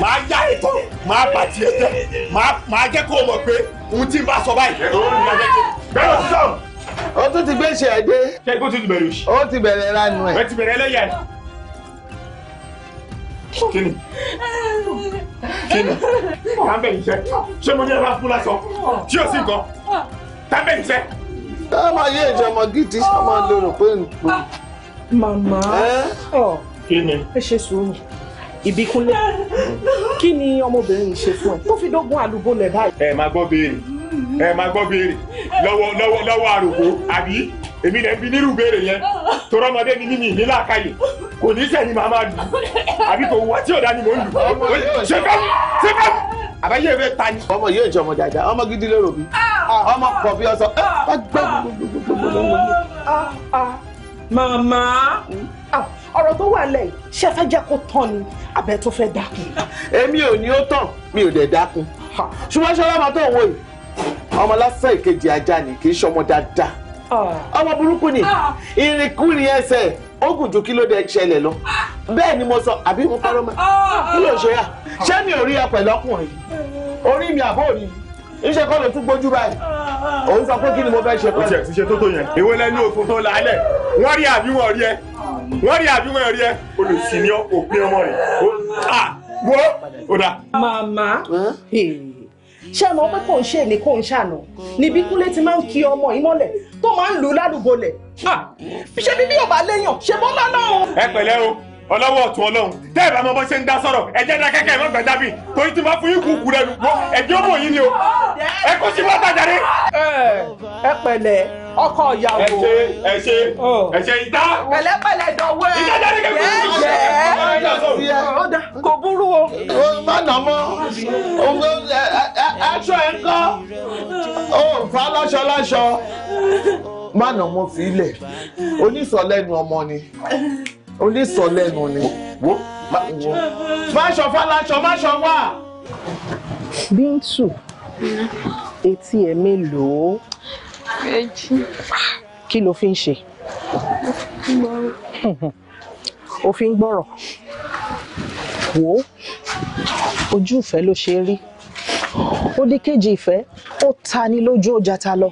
máa yá ètò máa bà tiẹ̀ jẹ́ máa jẹ́ kó o mọ̀ pé ohun tí n bá sọ báyìí. bẹ́ẹ̀ sọ̀rọ̀ ó tún ti gbéṣẹ́ ẹ̀ dé. ṣé igbó tún ti bẹ̀rẹ̀ òṣì. ó ti bẹ̀rẹ̀ lánàá ẹ̀. ẹ ti bẹ̀rẹ̀ ẹlẹ́yà ẹ̀. kí ni kí ni tábẹ̀ iṣẹ́ ṣé mo ní ẹ bá fún lásán tí o sì kọ́ tábẹ̀ iṣẹ́. táwọn ayé ìjọmọ gidi sọmọ lérò pé n pè. màmá ọ kí ni ẹ ṣe sùúrù ìbíkúnlẹ̀ kí ni ọmọbìnrin yìí ṣe fún ẹ tó fi dógún àdúgbò lẹ̀ báyìí. ẹ máa gbọ́ béèrè ẹ máa gbọ́ béèrè lọ́wọ́ lọ́wọ́ lọ́wọ́ àròkọ àbí èmi lẹ́ ń bi nírú béèrè yẹn tọrọ ọmọdé ni mímì ní làákàyè kò ní sẹ́yìn màá máa lù àbí kò wá tí ò dání mò ń lù ṣé fẹ́ ṣé fẹ́ àbáyé ẹ fẹ́ ta ni. ọmọ yóò jẹ ọmọ jàjà ọmọ gidi lérò bí ah. ah, ọmọ pọ̀ bí ọsọ ẹ gbẹ gbogbogbogbogbò. màmá ọ̀rọ̀ tó wà lẹ̀ ṣe fẹ́ jẹ́ kó tán ni abẹ́ tó fẹ́ dákun. èmi ò ní ó ọmọ lásán ìkejì ajá ni kì í ṣọmọ dáadáa ah. ọmọ burúkú ni ah. ìrìnkúrin ẹsẹ̀ ogun ju kílódé ṣẹlẹ̀ lọ ah. bẹ́ẹ̀ ni mo sọ àbí mo parọ́ mọ́ kí ló ṣe yà ṣé mi ò rí ẹ pẹ̀lú ọkùnrin orí mi àbó rí iṣẹ́ kọ́ ló tún gbójú báyìí òun sọ pé kí ni mo fẹ́ ṣe pẹ̀lú. o tiẹ̀ ti ṣe tó tó yẹn ìwé lẹ́nu òfin tó lálẹ́ wọ́n rí àbí wọ́n rí ẹ wọ́n rí àbí wọ́n rí ẹ olùsìn ni òpin ọmọ rẹ̀ wo ó dà. màmá ṣé àmọ́ pé kò ń ṣe èlé kò ń ṣàná níbi kúlé ti máa ń kí ọmọ ìmọ̀lẹ̀ tó máa ń lù ládùúgbò lẹ̀ ṣé bíbí ò léèyàn ṣe bọ́lá náà. ẹ pẹ̀lẹ́ o ọlọ́wọ́ ọ̀tún ọlọ́run tẹ́ ẹ̀ bá mọ bọ́ ṣe ń dá sọ̀rọ̀ ẹ̀jẹ̀ dá kẹ́kẹ́ ẹ̀mọ́ gbàdá bì torí tí máa fún yín kùkù rẹ̀ lùkọ́ ẹ̀jẹ̀ ọmọ yìí ni o ẹ kó sí wọ́n tàjà rí. ẹ pẹ̀lẹ́ ọkọ ìyàwó. ẹ ṣe ẹ ṣe ẹ ṣe ìta. pẹ̀lẹ́pẹ̀lẹ́ dọwọ ẹ. ìtajà ní kẹkẹ yẹ kò burú o. o má nà mọ owó aṣọ ẹ kọ o fa láṣọ láṣọ má nà mọ fi ilẹ̀ onísọ̀lẹ́nu ọmọ ni o lè sọ lẹ́nu ni. wo má ṣọfá láṣọ má ṣọfá. bíntù etí ẹ mélòó. méjì. kí ló fi ń ṣe. o fi ń gbọ́rọ̀ wò ó ojú ìfẹ́ ló ṣe rí ó dé kejì ìfẹ́ ó ta ni lójú ọjà ta lọ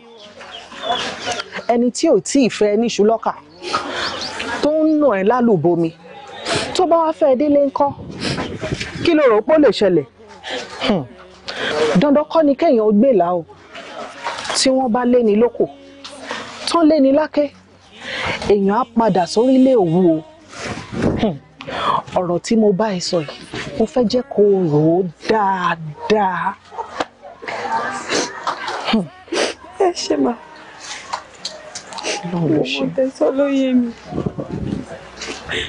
ẹni tí ò tí ìfẹ́ níṣu lọ́kà nà ẹ́ lálùbomi tó bá wá fẹ́ délé ńkọ́ kí ló rò pé ó lè ṣẹlẹ̀ hmm. dandan kọ́ ni kéèyàn gbé là o tí wọ́n bá léni lóko tán léni lákẹ́ èèyàn á padà sórílẹ̀ òwú o hmm. ọ̀rọ̀ tí mo bá ẹ sọ yìí mo fẹ́ jẹ́ kó o rò ó dáadáa. Hmm. ẹ ṣe máa. lọ́wọ́ ṣe. ọmọ tẹ̀sán ló mi ẹ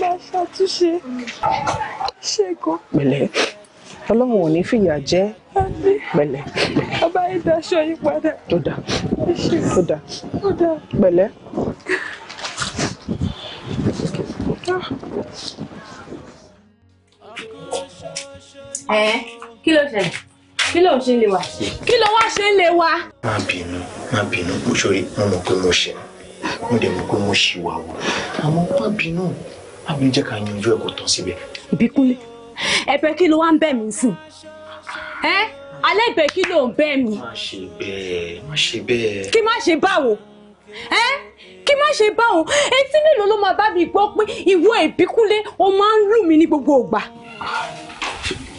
máa ṣàtúnṣe ṣe kan. pẹ̀lẹ́ ọlọ́run ò ní fìyà jẹ́ pẹ̀lẹ́. bàbá yìí daṣọ yìí padà. tó dà tó dà tó dà pẹ̀lẹ́. ẹ kí ló ṣẹlẹ̀ kí ló ń ṣe lè wá. kí ló wá ṣe lè wá. má bínú má bínú mo mo mọ̀ pé mo ṣe mo dẹ̀ mọ̀ pé mo ṣì wà wò àmọ́ má bínú má bínú jẹ́ ká yanjú ẹ̀ kó tán síbẹ̀. ìbíkúnlé ẹ̀bẹ̀ kí ló wá ń bẹ̀ mí sìn ẹ́ alẹ́ ìbẹ̀ kí ló ń bẹ̀ mí. má ṣe bẹ́ẹ̀ má ṣe bẹ́ẹ̀. kí má ṣe báwo ẹ́ kí má ṣe báwo etí mélòó ló máa bá mi gbọ́ pé ìwọ ìbíkúnlé o máa ń lù mí ní gbogbo ògbà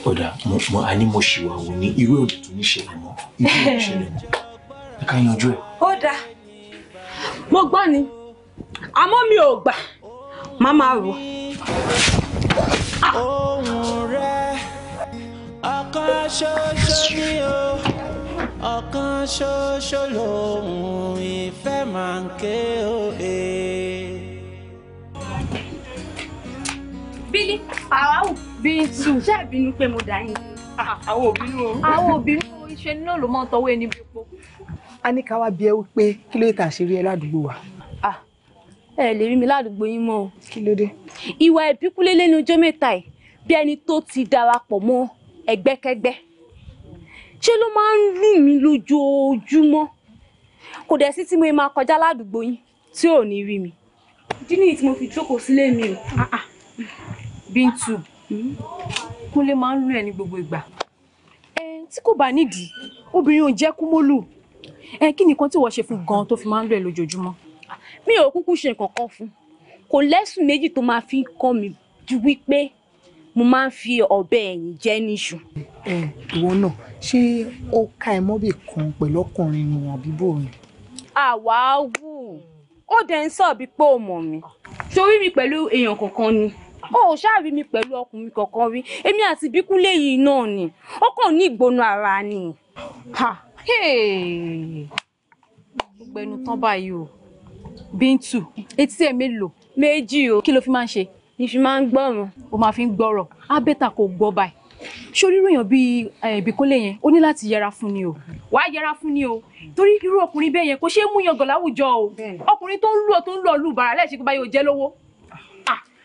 ọ̀dà mo mo a ní mo ṣìwà wò ní irú òdì ní ṣẹlẹ̀ mọ́ irú òdì ṣẹlẹ̀ mọ́ ẹ ká yanjú ẹ̀. ó dáa mo gbọ́ ni àmọ́ mi ò gbà má máa rò. ohun rẹ ọ̀kan ṣoṣo ni o ọ̀kan ṣoṣo lòun ìfẹ́ máa ń ké òye. bílí ìbínú pé mo dà yín. àwọn òbínú o. àwọn òbínú iṣẹ́ náà ló máa ń tọwọ́ ẹni epo a ní ká wá bí ẹ pé kí ló tà ṣeré ẹ ládùúgbò wa. ẹ lè rí mi ládùúgbò yín mọ́ kí ló dé. ìwà ìbíkúlé lẹ́nu ọjọ́ mẹ́ta ẹ̀ bí ẹni tó ti darapọ̀ mọ́ ẹgbẹ́kẹ́gbẹ́ ṣé ló máa ń rú mi lójoojúmọ́ kò dẹ̀ sí tí mo máa kọjá ládùúgbò yín tí ò ní rí mi. ìdí nìyí tí mo fi jókòó sílé mi o. Ah, ah. Bíntù Kúnlé máa ń rú ẹ ní gbogbo ìgbà. ẹ tí kò bá nídìí obìnrin ò jẹ́ kúmólù ẹ kí nìkan tí wọ́n ṣe fún gan tó fi máa ń lò ẹ lójoojúmọ́. mi ò kúkú ṣe nǹkan kan fún kò lẹ́sùn méjì tó máa fi ń kọ́ mi ju wípé mo máa ń fi ọ̀bẹ ẹ̀yìn jẹ́ níṣu. ẹ ìwọ náà ṣé ó ká ẹ mọ́bì kan pẹ̀lú ọkùnrin ni àbí bò ni. àwa wù ó dẹ̀ ń sọ̀ bí pé ó mọ̀ mi ṣorí mi pẹ̀lú èèyàn kankan ni ó ṣáàrí mi pẹ̀lú ọkùnrin kankan rí èmi àti ìbíkúlé yìí náà ni ó kàn ní ìgbóná ara ni. Ha gbogbo ẹnu tán báyìí o bíntù etí ẹ̀ mélòó méjì o kí ló fi máa ń ṣe. mi fi máa ń gbọ́ràn. o máa fi ń gbọ́rọ̀ á bẹ́tà kó gbọ́ báyìí ṣorírò èèyàn bíi ìbíkólé yẹn ó ní láti yẹra fún ni o wà á yẹra fún ni o torí irú ọkùnrin bẹ́ẹ̀ yẹn kò ṣeé mú yangàn láwùjọ o ọkùnrin tó ń lù ọ tó ń lù ọ lù bàrà láì ṣe pé báyìí ò jẹ́ lówó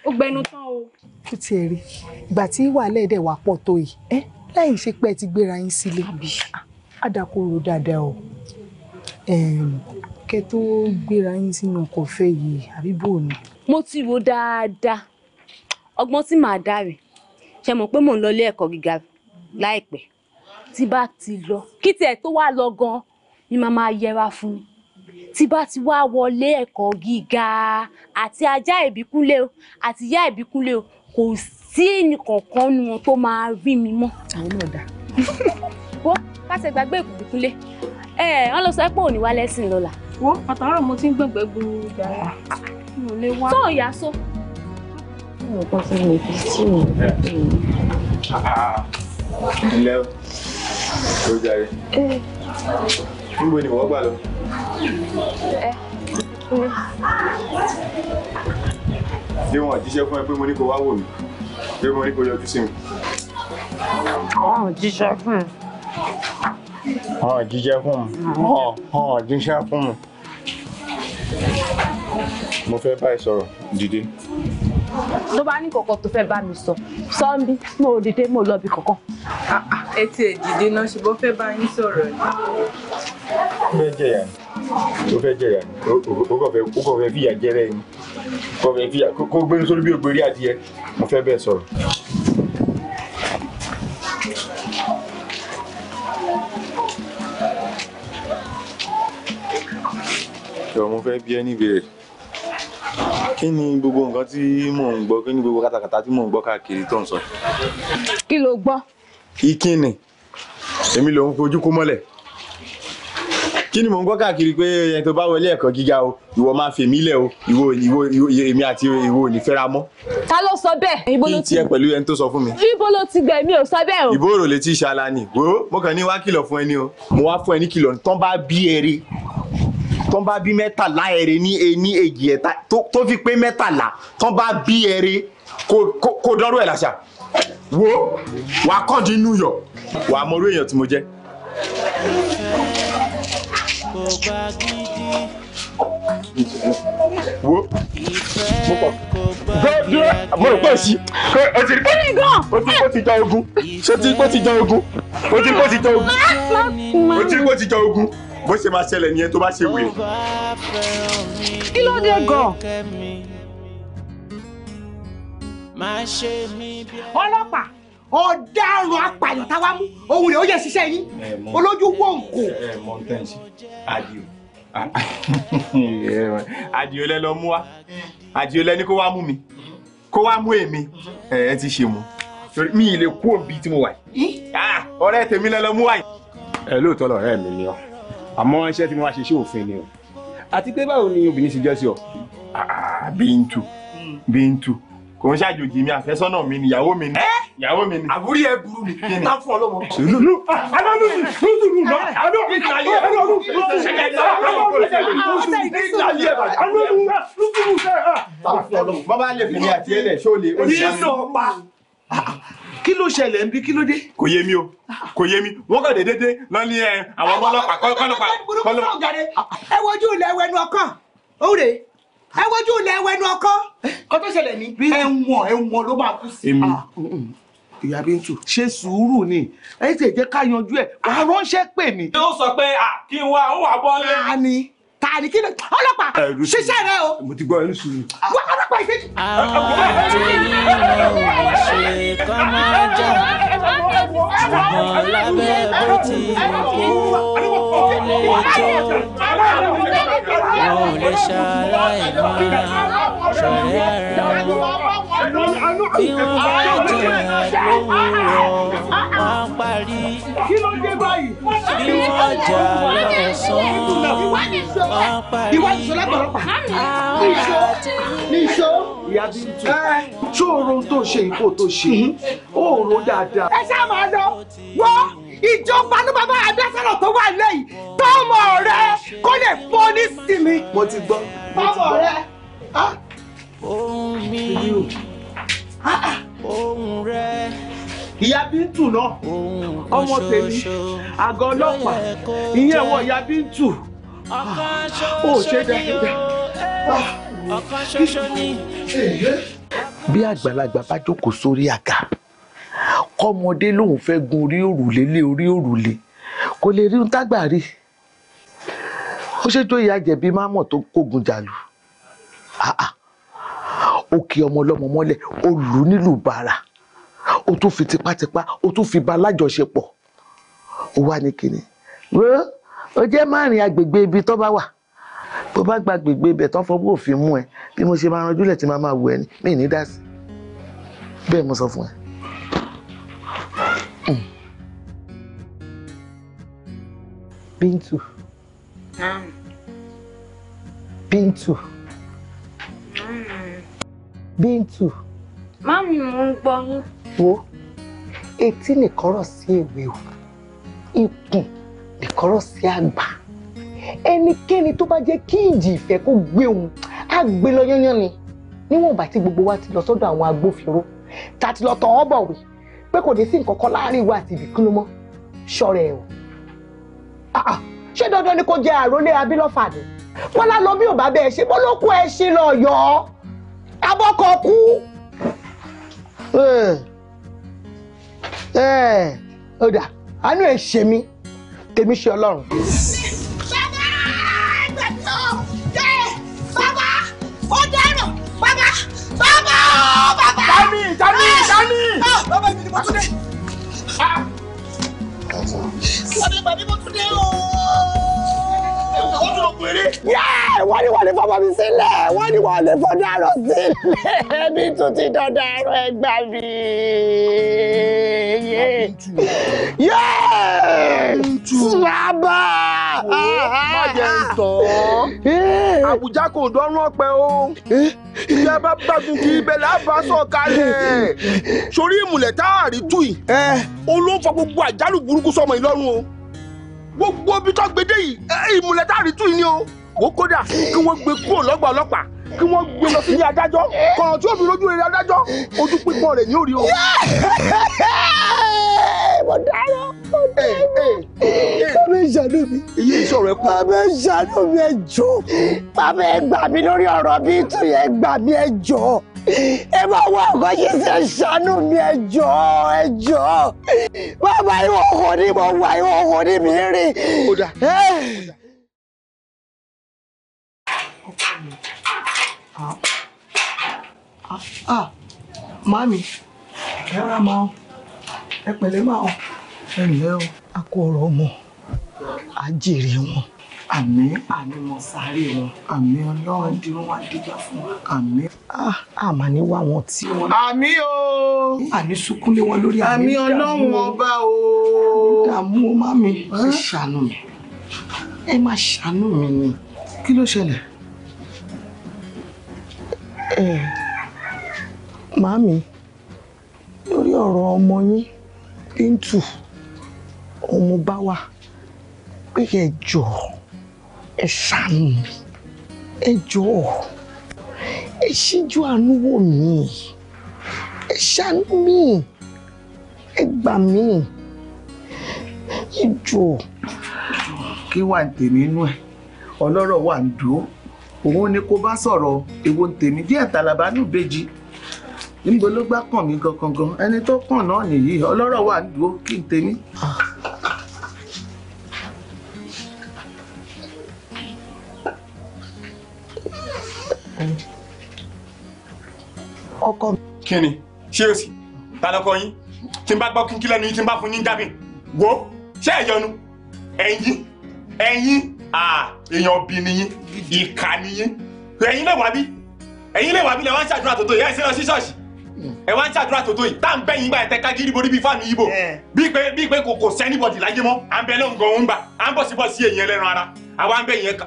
ó gbẹnu tán o. kú tiẹ̀ rí ìgbà tí wàhálà ẹ̀dẹ̀ wà pọ̀ tó yìí láì ṣe pé ẹ ti gbéra yín sílé àdàkọrò dáadáa o kẹ tó gbéra yín sínú ọkọ̀ fẹ́ yìí àbí bò ni. mo ti rò dáadáa ọgbọ́n tí màá dá rè ṣe mọ̀ pé mò ń lọ ilé ẹ̀kọ́ gíga láìpẹ́ tí bá ti lọ kí tiẹ̀ tó wá lọ gan-an ni màá máa yẹra fún mi tí bá ti wá wọlé ẹ̀kọ́ gíga àti ajá ìbíkúnlé o àti ìyá ìbíkúnlé o kò sí ẹnìkankan nu wọn tó máa rí mi mọ́. àwọn náà dà wo káṣẹ gbàgbé ìkùnkùn kúnlé ẹ wọn lọ sọ pé òní wá lẹ́sìn lọ́la. wo àtàárọ̀ mo ti ń gbọ̀ngbẹ́ gburu ìgbà rẹ̀ mi ò lè wá. tó ìyá so. mo kọ́ sí mi fi sí mi. ilé o jàre níbo ni wọ́n gbà lọ. ṣé wọn jíṣẹ́ fún ẹ pé mo ní kó wá wò mí pé mo ní kó yọjú sí mi. wọn ò jíṣẹ́ hàn jíjẹ fún mi hàn hàn jíṣẹ́ fún mi. mo fẹ́ bá ẹ sọ̀rọ̀ dìde. tó bá ní kọ̀kọ́ tó fẹ́ bá mi sọ sọ́ńbí mo ò dìde mo lọ bí kọ̀kọ́. etí ah, ah, ẹ̀ dìde náà ṣùgbọ́n fẹ́ bá yín sọ̀rọ̀ ni. ó fẹ́ jẹ̀yà ni ó fẹ́ jẹ̀yà ni ó kọ̀ fẹ́ fìyà jẹ́rẹ́ ni kọ̀ fẹ́ fìyà kó gbé sórí bí ògbérí adìyẹ mo fẹ́ bẹ́ẹ̀ sọ̀rọ̀. Ṣọ mo fẹ́ bí ẹ ní Kí ni gbogbo nǹkan tí mò ń gbọ́? Kí ni gbogbo kátàkátà tí mò ń gbọ́ káàkiri tó ń sọ? Kí lo gbọ́? Ìkíni. Èmi ló ń fojú kó mọ́lẹ̀. Kí ni mò ń gbọ́ káàkiri pé ẹni tó bá wọlé ẹ̀kọ́ gíga o, ìwọ máa fèmí lẹ̀ o, ìwọ ìwọ èmi àti ìwọ ò ní fẹ́ra mọ́. Ta ló sọ bẹ́ẹ̀? Ibo ló ti tiẹ̀ pẹ̀lú ẹni tó sọ fún mi. Ibo ló ti gbẹ̀ mi ò sọ bẹ́ẹ̀ o. Ìbò òròlé tí ìṣàlàní. Wo mo kàn ní wá kìlọ̀ fún ẹni o. Mo wá fún ẹni kìlọ̀ tán bá bí ẹ rí tó ń bá bí mẹ́tàlá ẹ̀rẹ́ ní ení eh, èjì ẹ̀ta tó fi pé mẹ́tàlá tó ń bá bí ẹ̀rẹ́ kó dọ́rọ̀ ẹ̀ làṣà wo wà á kàn dín New York wà á mọ orú èèyàn tí mo jẹ́. wo mo kọ dúró mo rò pé òsì o ti o ti o ti o ti jọ ogun o ti o ti jọ ogun o ti o ti jọ ogun o ti ti jọ ogun bó ṣe máa ṣẹlẹ̀ nìyẹn tó bá ṣe wèrè. kí ló dé gan. ọlọ́pàá ọ̀daràn apààyàn táwa mú ohun rẹ̀ ó yẹ ṣiṣẹ́ yín olójú wọ̀nkò. adio adio lẹ lọ mú wa adio lẹ ní kó wá mú mi kó wá mú èmi ẹ ti ṣe mu torí mi ì lè kú òbí tí mo wà yìí ah, ọ̀rẹ́ tèmi lẹ lọ mú wa yìí. ẹ lóòótọ́ lọ̀rẹ́ mi ni ọ́ àmọ́ iṣẹ́ tí mo wá ṣe ṣé òfin ni o àti pé báwo ni obìnrin ṣe jẹ́ sí ọ. Bíntù Bíntù kò ń ṣàjòjì mi àfẹ́sọ́nà mi ni ìyàwó mi ni ìyàwó mi ni. àbúrí ẹ burú mi kí ni tá fún ọlọmọ. lulu alolu lulu lọ alolu lulu ayé alolu lulu ṣẹlẹ lọ alolu lulu ayé alolu lulu ṣẹlẹ. tá fún ọlọmọ bàbá lè fi ní àti ẹlẹ ṣó lè. yíyí sọ pa kí ló ṣẹlẹ̀ ń bí kí ló dé. kò yé mi o kò yé mi wọn kàn déédéé lọ ní àwọn ọlọ́pàá kọlọpàá kọlọpàá. ẹ wojú ilẹ̀ ẹwẹ́nu ọkàn òde ẹ wojú ilẹ̀ ẹwẹ́nu ọkàn kọ́tọ́ ṣẹlẹ̀ ní ẹ̀wọ̀n ẹ̀wọ̀n ló máa kú sí. Ah, mm, mm. ìyá Bíntù ṣe sùúrù ni ẹ ti jẹ́ ká yanjú ẹ̀ wàá ránṣẹ́ pè mí. ó sọ pé kí n wá ó wà bọ́lé tàní kí ló ọlọ́pàá ṣiṣẹ́ rẹ o. mo ti gbọ́ ẹni sùn. wọ́n ọlọ́pàá ìṣe. àwọn ènìyàn ò ṣe kọ́ máa jà ṣùgbọ́n lábẹ́ bó ti kó lè tó wọn ò lè ṣaláì máa ṣọ̀rẹ́ ara wọn bí wọ́n bá jà lóhùn rọ á parí bí wọ́n jà lọ́sàn á parí àwọn àtẹ̀yìn ìyá bí n tó ṣe yìí tó ṣe mm-hmm. o dáadáa. ẹ ṣáà máa lọ wọ́n ìjọba ní bàbá adásọ̀rọ̀ tó wà lẹ́yìn tọ́mọ rẹ kó lè pọ́ ní sinmi. mo ti gbọ́. tọ́mọ rẹ. Ah. ohun mi ah, ah. ohun rẹ ìyá bíntù náà ọmọ tèmi àgọ́ ọlọ́pàá ìyẹn wọ ìyá bíntù ó ṣe dáadáa. ọ̀kan ṣoṣo ni. bí àgbàlagbà bá jókòó sórí àga kọ́mọdé lòun fẹ́ gun orí òrùlé lé orí òrùlé kò lè rí ohun tágbà rí ó ṣètò ìyá jẹ̀bi mámọ̀ tó kógun jàlù ó kì ọmọ ọlọ́mọ mọ́lẹ̀ ó lù ú nílùú bàrà ó tún fi tipátipá ó tún fi ba alájọṣepọ̀ ó wá ní kíni wo ó jẹ́ márùn-ún agbègbè ibi tó bá wà bó bá gba agbègbè ibẹ̀ tó fọwọ́ òfin mú ẹ bí mo ṣe máa ranjú lẹ̀ tí máa máa wù ẹ ní mí ní dá sí bẹ́ẹ̀ mo sọ fún ẹ. Bintu. Naam. Bintu. Naam. Bintu. Mami mo ń gbọ́ yín. Wo etí nìkan rọ̀ sí èwe o, ikùn nìkan rọ̀ sí àgbà. Ẹnikẹ́ni tó bá jẹ́ kí ìjì ìfẹ́ kó gbé òun, á gbé lọ yányán ni. Níwọ̀nba tí gbogbo wa ti lọ sọ́dọ̀ àwọn agbófinró, tá a ti lọ tọ̀ ọ́ bọ̀wé pé kò ní sí nǹkan kan láàrin ìwà àti ìbìkúnnú mọ́ ṣọ́ra ẹ̀ o ah, ah. ṣé dandan ni kò jẹ àrólé abílọ́fà ni bọ́lá lọ bí ò bá bẹ́ẹ̀ ṣe bọ́lá kú ẹ ṣe lọ yọ ọ́ abọ́kọ̀ kú. ọ̀dà eh. eh. àánú ẹ̀ ṣe mí tèmi ṣe ọlọ́run. bàbá gbẹ̀tọ̀ Ah. Bàbá Túndé. Bàbá Túndé o àwọn tó péré. wọ́n ní wọ́n lè fọmọ mi sílẹ̀ wọ́n ní wọ́n lè fọdún àrùn sílẹ̀ mi tún ti dọ̀dọ̀ àrùn ẹgbà mi. Sùlábà! Má jẹ́ ìtàn. Àbújá kò dọ́rùn ọ̀pẹ o. Ìjẹ́ bá gbàgùn kí ibẹ̀ láàbá sọ̀kalẹ̀. Sórí ìmùlẹ̀ tá a rí tù yìí. Olú ń fọ gbogbo àjálù burúkú sọmọ ìlọ́run o gbogbo ibi tó gbé dé yìí eh, ìmùlẹ̀ tá a rí tù yìí ni o wò ó kódà kí wọ́n gbé kúrò lọ́gbà ọlọ́pàá kí wọ́n gbé lọ sí ilé adájọ́ kọ̀ọ̀ tí òbí lójú rere adájọ́ ojú pípọ̀ rẹ̀ ní òrí o. mo dáná mo dáná eh, eh, bàbá ìṣàánú mi iye ìṣòro ẹ kú. bàbá ìṣàánú mi ẹ jọ̀ọ́ bàbá ẹ gbà mí lórí ọ̀rọ̀ mi tún yẹ gbà mí ẹ jọ̀ọ́ ẹ máa wá àkọ́ṣe ṣe ṣàánú mi ẹ jọ̀ọ́ ẹ jọ̀ọ́ bàbá ìhòòhò ni mo wà ìhòòhò ni ah, ah mami ẹ rà máa ẹ pẹ̀lẹ́ máa ẹ ǹlẹ́ o a kó ọ̀rọ̀ wọn àmín àmín mo sáré wọn àmín ọlọ́run wọn dirun wọn dìgbà fún wa àmín. àmà ah, ní wá wọn tí wọn. àmín o. àmín sunkúnlé wọn lórí àmín ọlọ́run ọba o. dààmú o má mi. ẹ ṣàánú mi ẹ má ṣàánú mi ni. kí ló ṣẹlẹ̀. ẹ màámi lórí ọ̀rọ̀ ọmọ yín Bíntù òun bá wà pé kẹ́ ẹ jọ̀ọ́ ẹ ṣàánú mi ẹ jọ̀ọ́ ẹ ṣíjú àánú wò mí ẹ ṣàánú mi ẹ gbà mí ẹ jọ̀ọ́. kí wàá tèmi inú ẹ ọlọ́rọ̀ wà ń dúró òun ni kó bá sọ̀rọ̀ èwo ń tèmi díẹ̀ tàlàbà nù bèjì níbo ló gbá kàn mí gangan ẹni tó kàn náà nìyí ọlọ́rọ̀ wà ń dúró kí n tèmi. Ah. ọkọ mi. kí ni ṣé o sì ta lọkọ yín tí n bá gbọ́ kíkí lẹ́nu yín tí n bá fún yín jábìn wo ṣé ẹ yọnu ẹ̀yin ẹ̀yin èèyàn bí niyín ìkà niyín ẹ̀yin lè wá bí ẹ̀yin lè wá bí lè wá ń ṣàdúrà tó tó yẹ ẹ̀sìn lọ sí ṣọ́ọ̀ṣì ẹ wá ń ṣàdúrà tó tó yìí tá à ń bẹ́yìn gbà ẹ̀tẹ́ ká gírí borí bíi fáànù yìí bò bíi pé bíi pé kò kò sẹ́nibọ̀dì láyé mọ́ à ń bẹ lóhùn gan-an ń gbà à ń bọ̀ sí bọ̀ sí èyí ẹlẹ́ran ara àwa ń bẹ̀yìn ẹ̀ka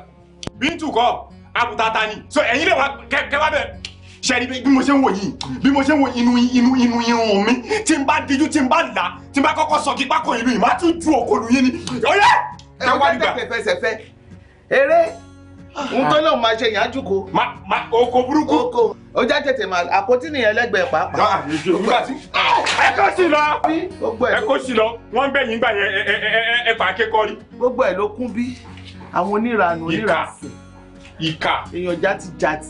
bíntù kọ́ àbùtà ta ni so ẹ̀yin lè wá kẹ́ wá bẹ̀ ṣẹ́ni bí mo ṣe ń wò yìí bí mo ṣe ń wò inú inú inú irun mi tí n bá dijú tí n bá là tí n bá kọ́kọ́ sọ kí pákó ìlú yìí má tún ju òkòlù yín ni ọ̀rẹ́ ẹ wá nígbà. ẹ fẹsẹ̀ fẹ eré ah. ohun tó lóun máa ṣe yàn á jùkọ. ma ma oko burúkú. oko o já tètè mà àpótí nìyẹn lẹ́gbẹ̀ẹ́ pàápàá. Ah, ah, ẹ kó sí lọ ẹ kó sí lọ wọn bẹ yín gbà yẹn ẹ fà á ké kọrí. gbogbo ẹ ló kún bí àwọn oníranú oníranú ìkà. èèyàn játí játí.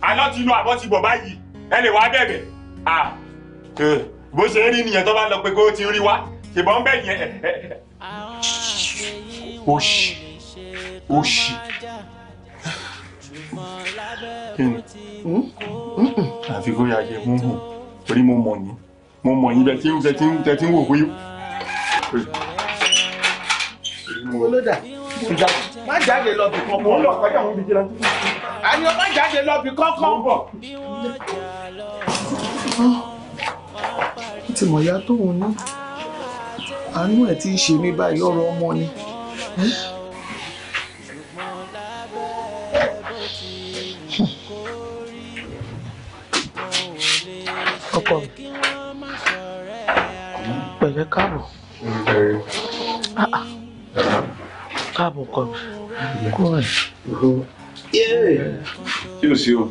àná ti inú àbọ̀ ti bọ̀ báyìí ẹ lè wá bẹ̀bẹ̀ bó ṣe ń rí nìyẹn tó bá lọ pé kó ti ń rí wá ṣùgbọ́n ń bẹ̀ yẹn. ó ṣì ó ṣì. àfi kó yàgé mú hù torí mo mọ̀ ní mo mọ̀ yín bẹ́ẹ̀ tí ń tẹ́ tí ń wò fún yín. olódà ìjà má jáde lọ bì kankan. mo ń lọ kọjá àwọn bìjìlá. àní o má jáde lọ bì kankan. mo ń bọ̀. ó ti mọ̀ ya tóun ní àánú ẹ̀ tí ń ṣe mí báyìí ọ̀rọ̀ ọmọ ni. ọkọ mi pẹ̀lẹ́ káàbọ̀ ah, ah. káàbọ̀ tí ò sí o.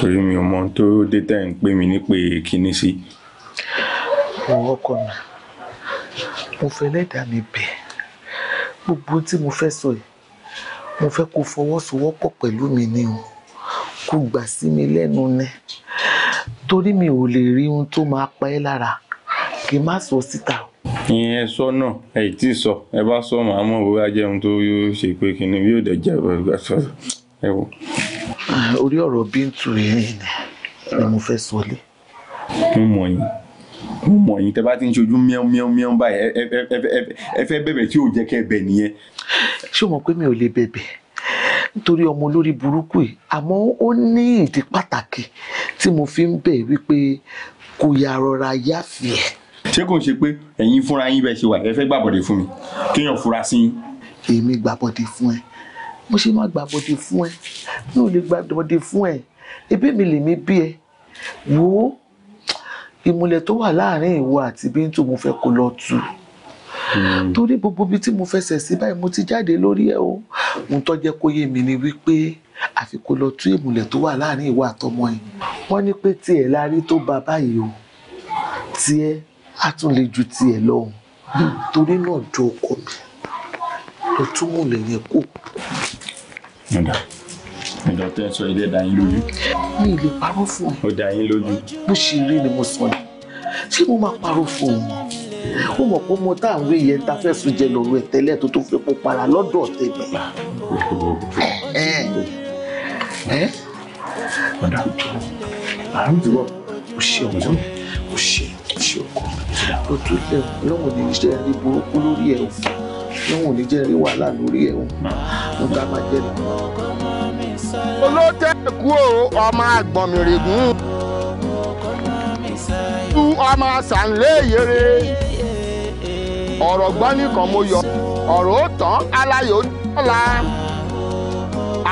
torí mi ò mọ tó dé tẹ́ ń pè mí ní pé kíní sí. ọ̀rọ̀ ọkọ mi mo fẹ́ lẹ́dàá mi bẹ̀ gbogbo tí mo fẹ́ sọ yìí mo fẹ́ kó fọwọ́sowọ́pọ̀ pẹ̀lú mi ni o kó gbà sí mi lẹ́nu ní torí mi ò lè rí ohun tó máa pa ẹ́ lára kí n má sọ síta o ìyẹn ẹ sọ náà ẹ tí ì sọ ẹ bá sọ màá mọ̀ bóyá jẹun tó yóò ṣe pé kinní yóò dẹ̀ jẹ́ ẹ wò. orí ọ̀rọ̀ bíntù yìí ni mo fẹ́ sọ lé. mo mọ̀ yín mo mọ̀ yín tẹ bá ti ń ṣojú mián mián mián báyìí ẹ fẹ́ bẹ̀bẹ̀ tí ò jẹ́ kẹ́ bẹ̀ nìyẹn. ṣé o mọ̀ pé mi ò lè bẹ̀bẹ̀ nítorí ọmọ olórí burúkú yìí àmọ́ ó ní ìdí pàtàkì tí mo fi ń bẹ̀ wípé kò yà rọra yáfì ṣé kò ń ṣe pé ẹ̀yin fúnra yín bẹ́ẹ̀ ṣe wà ẹ fẹ́ gbàbọ̀dé fún mi kéèyàn fura sí yín. èmi gbàbọ̀dé fún ẹ mo ṣe máa gbàbọ̀dé fún ẹ mi ò lè gbàbọ̀dé fún ẹ ẹbí mi lèmi bí ẹ wò ó ìmùlẹ̀ tó wà láàrin ìwọ àti Bíntù mo fẹ́ kó lọ tú hmm. torí gbogbo ibi tí mo fẹsẹ̀ sí báyìí mo ti jáde lórí ẹ o ohun tó jẹ́ kó yé mi ni wípé àfi lọ tú ìmùlẹ̀ tó wà láàrin ìwọ àtọmọ ẹ wọ́n ní pé tiẹ̀ la rí tó ba báyìí o tiẹ̀ á tún lè ju tiẹ̀ lọ torí náà jọ ọkọ mi lọ tún múlẹ̀ yẹn kó. nígbà nígbà sọ ilé dá yín lójú. mi ì lè parọ́ fún un. ó dá yín lójú. bó ṣe rí ni mo sọ yìí ṣé mo máa parọ́ fún un ó mọ̀ pé mo tá àwọn èèyàn ta fẹ́ sùn jẹ lọ́rùn ẹ̀ tẹ́lẹ̀ tó tó fẹ́ pupara lọ́dọ̀ tèmi. ọ̀dà àrùn ti wọ̀ ó ṣe ọkọ ó ṣe ó ṣe ọkọ ló tún lẹ̀ lọ́wọ́ ní iṣẹ́ rí burúkú lórí ẹ̀ o lọ́wọ́ ní jẹ́ rí wàhálà lórí ẹ̀ o wọn ká máa jẹ́ nìkan. olótẹ́kù o ọmọ àgbọ̀nmìrìgún tú ọmọ sànlẹ̀ yẹrẹ ọ̀rọ̀ gbọ́ nìkan mo yọ ọ̀rọ̀ ó tán aláyò dọ́là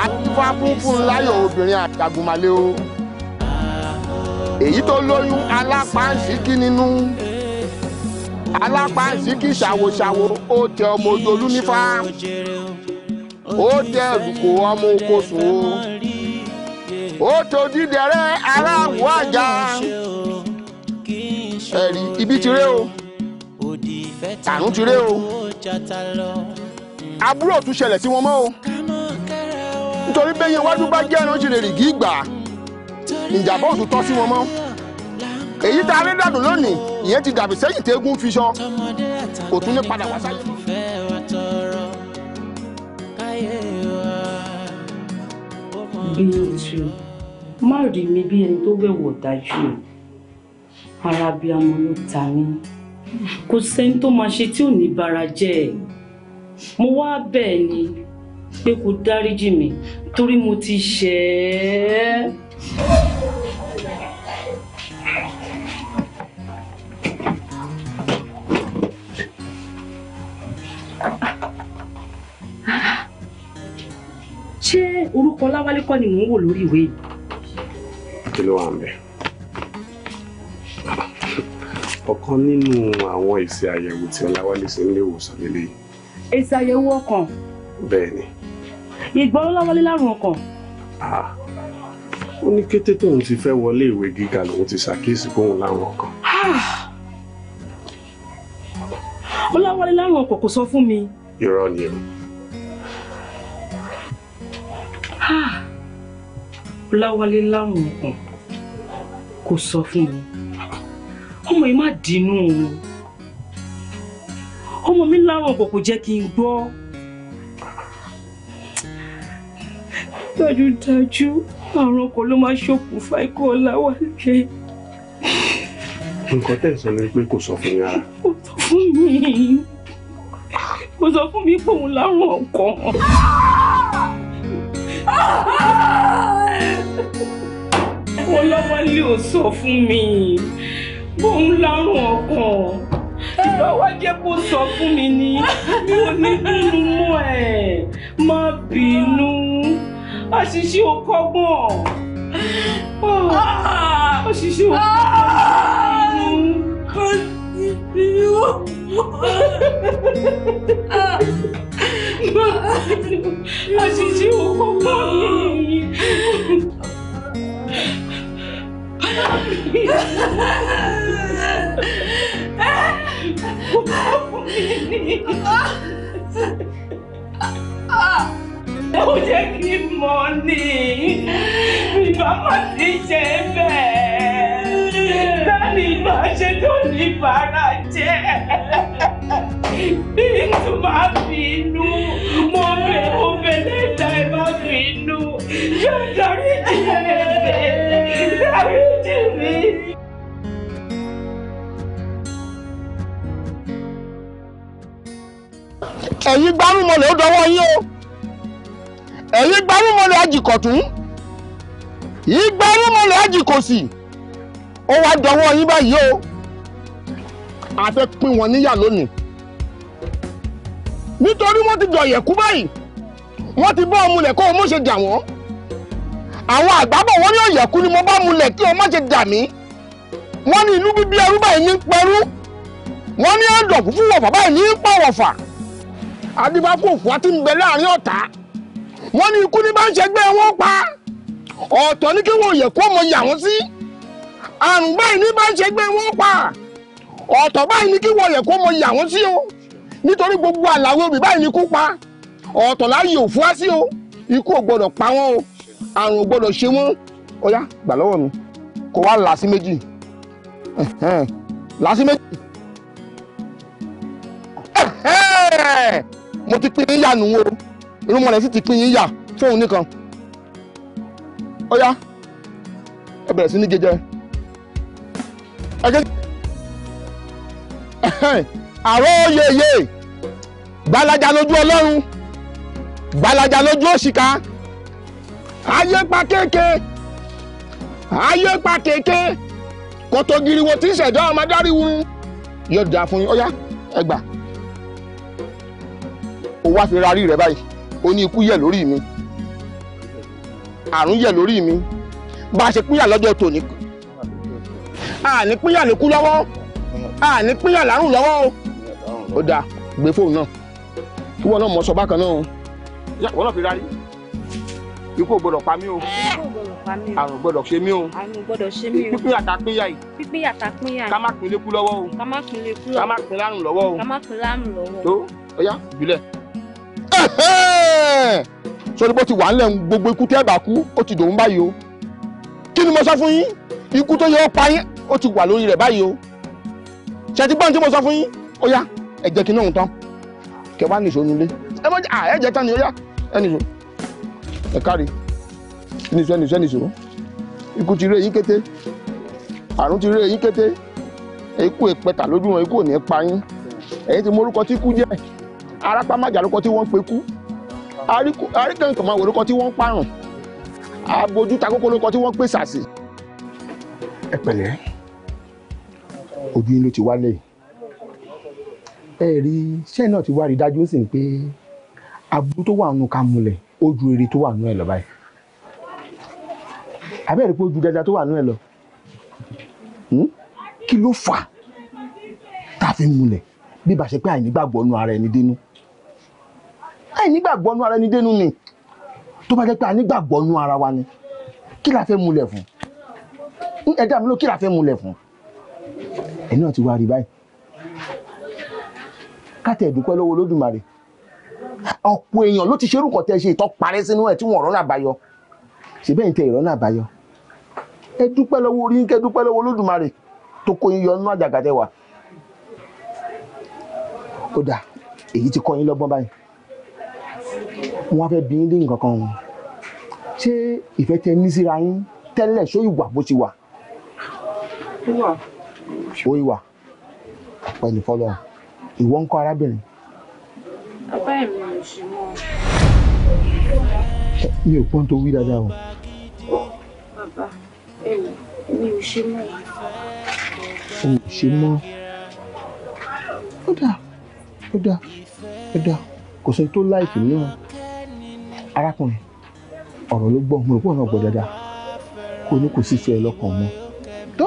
àtúfà fúnfún láyò obìnrin àjàgùnmalẹ̀ o èyí tó lóyún alápáǹsì kí nínú alápáǹsíkì ṣàwòṣàwò ó tẹ ọmọ ojolú nífà ó tẹ ẹrùkọ ọmọ okòsò ó tó dídẹrẹ aráàwọ àjà ẹrí ibi tiré o tànú tiré o àbúrò tún ṣẹlẹ̀ sí wọn mọ́ o nítorí bẹ́yẹn wájú bá jẹ́ ẹran ṣe lè rì gí ìjàmbá ò tún tọ́ sí wọn mọ́ èyí tá a rí dànù lónìí ìyẹn ti dàbí sẹ́yìn tẹ́gùn fi sọ kò tún ní padà wá sáyé. bíyànjú má rí mi bí ẹni tó wẹ̀wọ̀ dájú o ara bíi amọ ló ta mí kò sẹ́ni tó máa ṣe tí ò ní bara jẹ́ ẹ̀ mo wá bẹ́ẹ̀ ni pé kó dáríjì mi torí mo ti ṣẹ̀ ẹ́. ṣé orúkọ láwálé kọ́ ni mò ń wò lórí ìwé yìí. kí ló wà ń bẹ ọ̀kan nínú àwọn èsì àyẹ̀wò tí ọláwálé ṣe ń lé ìwòsàn lélẹ̀. èsì àyẹ̀wò ọkàn. bẹ́ẹ̀ ni. ìgbọ́n ọláwálé lárùn ọkàn. ó ní kété tóun ti fẹ́ wọlé ìwé gíga lòun ti ṣàkíyèsí kóun lárùn ọkàn. ọláwálé lárùn ọkàn kò sọ fún mi. irọ́ ni o. ọláwálé láwọn ọkàn kò sọ fún mi ọmọ yìí má dínú òun ọmọ mi láwọn ọkàn kò jẹ́ kí n gbọ́ dájúdájú àrùn ọkàn ló máa ṣokùnfà ikú ọláwálé. nǹkan tẹ̀ sọ ni pé kò sọ fún mi rárá. kò sọ fún mi kò sọ fún mi pé òun láwọn ọkàn. Ọlọ́wálé ò sọ fún mi bóun lárùn ọkàn ìlọ́wọ́ jẹ́ kó sọ fún mi ni mi ò ní bínú mọ́ ẹ̀ má bínú àṣìṣe ò kọ́gbọ́n àṣìṣe ò kọ́gbọ́n àṣìṣe òkú pọ̀ mi. ó jẹ́ kí n mọ̀ ní ìbá má ti ṣe bẹ́ẹ̀ tani ìbá ṣe tó ní ìbára jẹ́ bí n tún máa fi inú. ẹ̀yin gbárùmọ̀lẹ̀ ó dọwọ́ yín o ẹ̀yin gbárùmọ̀lẹ̀ àjìkọ̀tún yìí gbárùmọ̀lẹ̀ àjìkọ̀sì ó wá dọwọ́ yín báyìí o a fẹ́ pín wọn níyà lónìí nítorí wọ́n ti dọ̀yẹ̀kú báyìí wọ́n ti bọ́ ọmúlẹ̀ kó o mọ̀ ṣe jà wọ́n àwọn àgbábọ̀ wọ́n ní ọ̀yẹ̀kú ni mo bá múlẹ̀ kí o mọ̀ ṣe jà mí wọ́n ní ìlú bíbí ẹrú báyìí ní pẹ́rú wọ́n ní ẹ̀dọ̀ fúnfún wọ̀fà báyìí ní pọ̀wọ̀fà adébákò òfò àti ń bẹ láàrin ọ̀tá wọ́n ní ikú ní bá ń ṣẹgbẹ́ wọn pa ọ̀tọ̀ ní kí wọ́n yẹ kó mọ yà wọ́n sí àrùn báyìí ní bá ń ṣẹgbẹ́ wọn pa ọ̀tọ̀ báyìí ní kí wọ́n yẹ kó mọ yà sí o nítorí gbogbo àlàwé obì báyìí ní kú pa ọ̀tọ̀ láyè òfú á sí o ikú ò gbọdọ̀ pa wọ́n o àrùn ò gbọdọ̀ ṣe wọ́n ọ̀yá gbà lọ́wọ́ mi kó wá là sí méjì là sí méjì mo ti pín yín yà nù o irúnmọ rẹ̀ sì ti pín yín yà fóun nìkan ó yá ẹ bẹ̀rẹ̀ sí ní gẹjẹ àrò yeye gbalaja lójú ọlọ́run gbalaja lójú òṣìkà ayé pa kéèké ayé pa kéèké kòtò giriwo tí ń ọmọdé rí yóò dáa fún yín ó yá ẹ gbà o wá fi rarí rẹ báyìí o ní ikú yẹ lórí mi àrùn yẹ lórí mi bá a ṣe pínyà lọ́jọ́ tòní a ní pínyà ní kú lọ́wọ́ a ní pínyà lárùn lọ́wọ́ o dáa gbé fóònù náà kí wọn náà mọ sọ bákan náà. ìyá wọn náà fi rarí ikú ò gbọ́dọ̀ pa mí o àrùn gbọ́dọ̀ ṣe mí o àrùn gbọ́dọ̀ ṣe mí o pínpín àtàpínyà yìí pínpín àtàpínyà yìí ká má pín lékú lọ́wọ́ o ká má pín lárùn lọ́wọ́ o tó ọyá ìbílẹ̀ sọ́ni bó ti wà ńlẹ̀ ń gbogbo ikú tẹ́ ẹ̀ bá kú ó ti dòun báyìí o kí ni mo sọ fún yín ikú tó yọ ọ́ pa yín ó ti wà lórí rẹ̀ báyìí o ṣètì gbọ́n tí mo sọ fún yín ó yá ẹ jẹ́ kí náà ń tán kẹ wá nìṣó nílé ẹ mọ́ à ẹ jẹ́ tán ni ó yá ẹ nìṣó ẹ kárí nìṣó ẹ nìṣó ẹ nìṣó ikú ti ré yín kété àrùn ti ré yín kété ikú ìpẹta lójú wọn ikú ò ní pa yín ẹ̀yin ti mọ orúkọ tí ikú jẹ́ arápámájà lórúkọ tí wọ́n ń pekú aríkànkànmá lórúkọ tí wọ́n ń parùn abojúta kókó lórúkọ tí wọ́n ń pè sàsì. ẹ pẹ̀lẹ́ ojú yín ló ti wálé ẹ rí iṣẹ́ náà ti wá rí dájú ó sì ń pé aburú tó wà nù ká múlẹ̀ ó ju eré tó wà nù ẹ̀ lọ báyìí àbẹ́rẹ́ pé ó dáadáa tó wà nù ẹ̀ lọ hmm? kí ló fà tá a fi múlẹ̀ bí bá ṣe pé àìnígbàgbọ́ nu ara ẹni dénú ẹ̀ nígbàgbọ́ nu ara ẹni dénú ni tó bá jẹ́ pé a nígbàgbọ́ nu ara wa ni kí la fẹ́ múlẹ̀ fún ẹ̀dá mi ló kí la fẹ́ múlẹ̀ fún ẹ̀ náà ti wá rí báyìí kátẹ̀ ìdúpẹ́ lọ́wọ́ Olódùmarè ọ̀pọ̀ èèyàn ló ti ṣerú kan tẹ́ ṣe ìtọ́ parẹ́ sínú ẹ̀ tí wọ́n rọ́nà àbáyọ ṣèbẹ́ ìtẹ́ ìrọ́nà àbáyọ ẹ dúpẹ́ lọ́wọ́ orí kẹ́ dúpẹ́ lọ́wọ́ Olódùmarè tó kó yín yọ nínú àjàgàtẹ̀ wa ó dà èyí ti kọ́ yín lọ́gbọ́n báyìí wọ́n fẹ́ bí yín lé nǹkan kan o ṣé ìfẹ́ tẹ ní síra yín tẹ́lẹ̀ ṣó ìwà bó ti wà. ó ìwà pẹ̀lú fọlọ́ ìwọ ń kọ́ arábìnrin. bàbá mi ò sì mọ. mi ò pọ́n tó wí dáadáa o. bàbá ẹ̀wọ̀n mi ò ṣe mọ́. o ò ṣe mọ́. ó dà ó dà ó dà kò sẹ́ni tó láìpẹ́ náà arákùnrin ọ̀rọ̀ ló gbọ́ mo rò pé ọ̀nà ọ̀gbọ̀ dáadáa kó o ní kò sí ìfẹ́ ẹ lọ́kàn mọ́ tó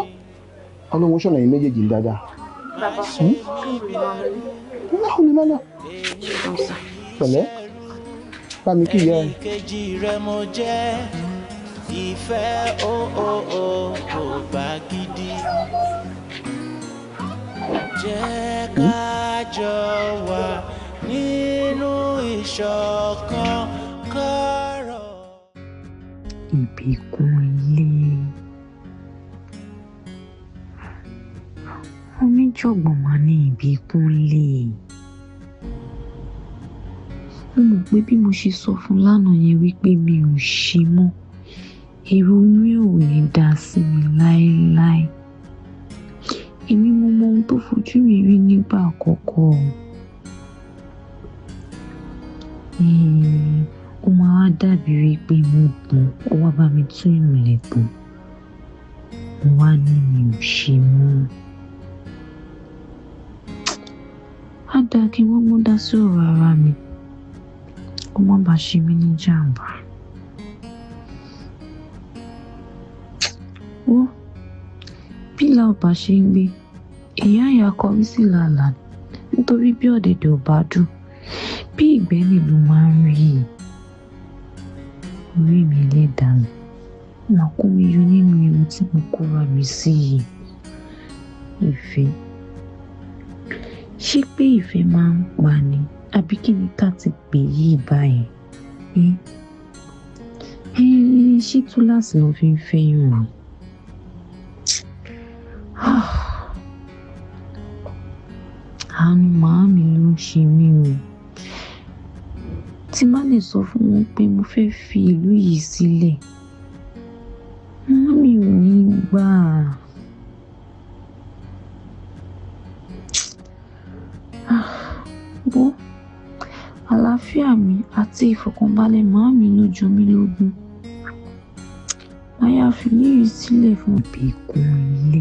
ọlọ́wọ́ sọ̀nà yìí méjèèjì dáadáa. bàbá báwo hmm? ni má lọ. pẹ̀lẹ́ bá mi kí ìyá ẹ. èkejì rẹ mo jẹ́ ìfẹ́ o o o kò bá gidi jẹ́ ká hmm? jọ wà nínú ìṣọ̀kan. sọ̀rọ̀. Ìbíkún ilé. Oníjọ̀gbọ̀n máa ní Ìbíkún ilé. Mo mọ̀ mo si sọ fún lánàá yẹn wípé mi o ṣe sí mi mo mọ ohun tó fojú mi rí nígbà kọkọ. Hmm. ó máa wá dàbí rí pé mo gbọ́n ó wá bá mi tún ìmùlẹ̀kùn mo wá ní mi ò ṣe mọ́ á dáa kí wọ́n gbọ́n dá sí ọ̀rọ̀ ara mi kó má bàa ṣe mí ní jàǹbá. ó bí làọ̀bà ṣe ń gbé èèyàn àyà kọrí sí làálàá nítorí bí ọ̀dẹ̀dẹ̀ ò bá dùn bí ìgbẹ́ nìlú máa ń rí i orí mi ẹlẹ́dàá máa kó mi yọ nínú ewu tí mo kóra mi sí yìí ìfẹ́ ṣé pé ìfẹ́ máa ń pa ni àbí kí ni ká ti pè yìí báyìí ṣé túláàsì ló fi ń fẹ́yàn ni. Ah. àánú màámi ló ń ṣe mí o tí má lè sọ fún wọn pé mo fẹ́ fi ìlú yìí sílẹ̀ mọ́mí ò ní gbà á. Ah, bó àlàáfíà mi àti ìfọ̀kànbalẹ̀ màmí ló jọ mí lógún máyà fi yìí sílẹ̀ fún bíkúnlé.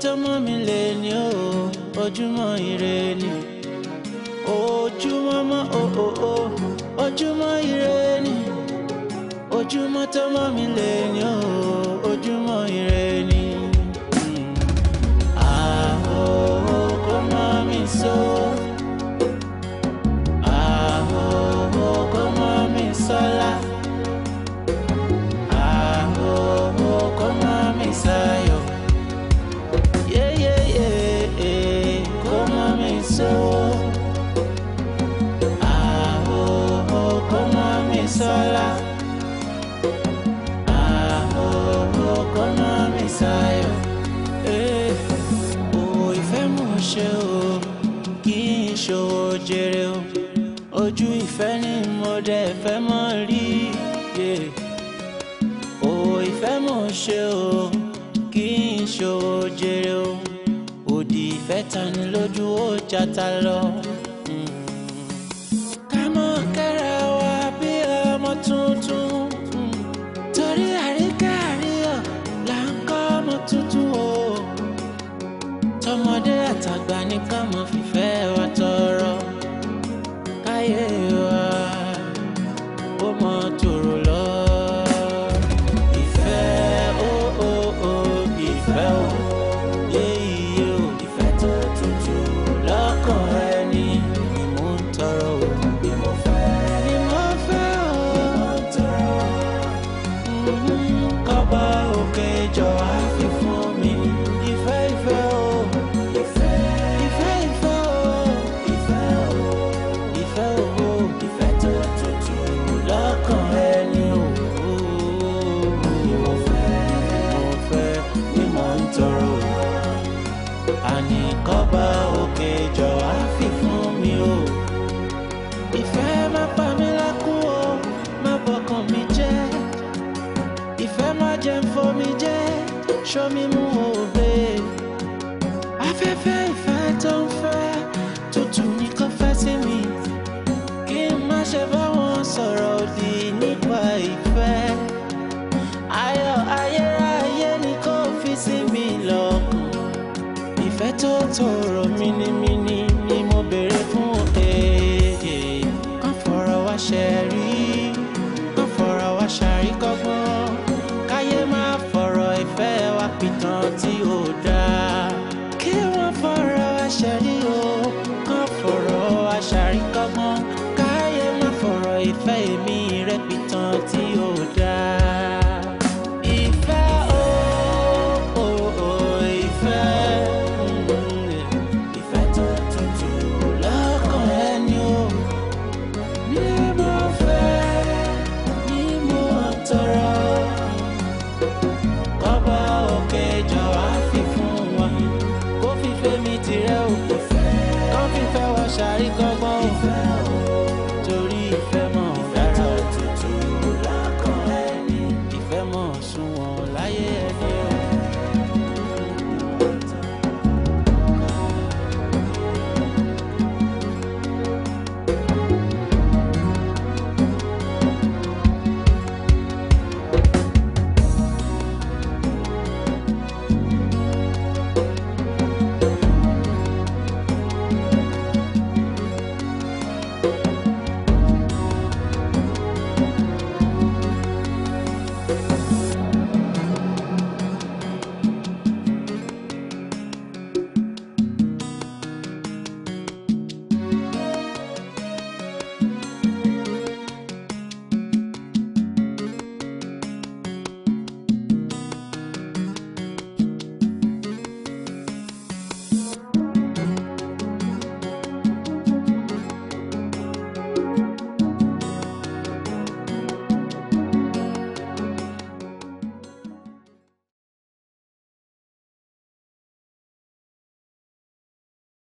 tó mọ́ mi lè ní o ojúmọ́ ire ni ojúmọ́ mọ́ o o o ojúmọ́ ire ni ojúmọ́ tó mi lè ní o ojúmọ́ ojú ìfẹ́ ni mo dẹ̀ fẹ́ mọ́ rí yé òwò ìfẹ́ mò ń ṣe o kì í ṣòwò jèrè o òdì ìfẹ́ tani lójú ó jata lọ. Mm. ká mọ̀ kẹ́ra wa bí ọmọ tuntun mm. torí àríkà àríyọ̀ là ń tọmọdé àtàgbà ní ká mọ̀ fìfẹ́.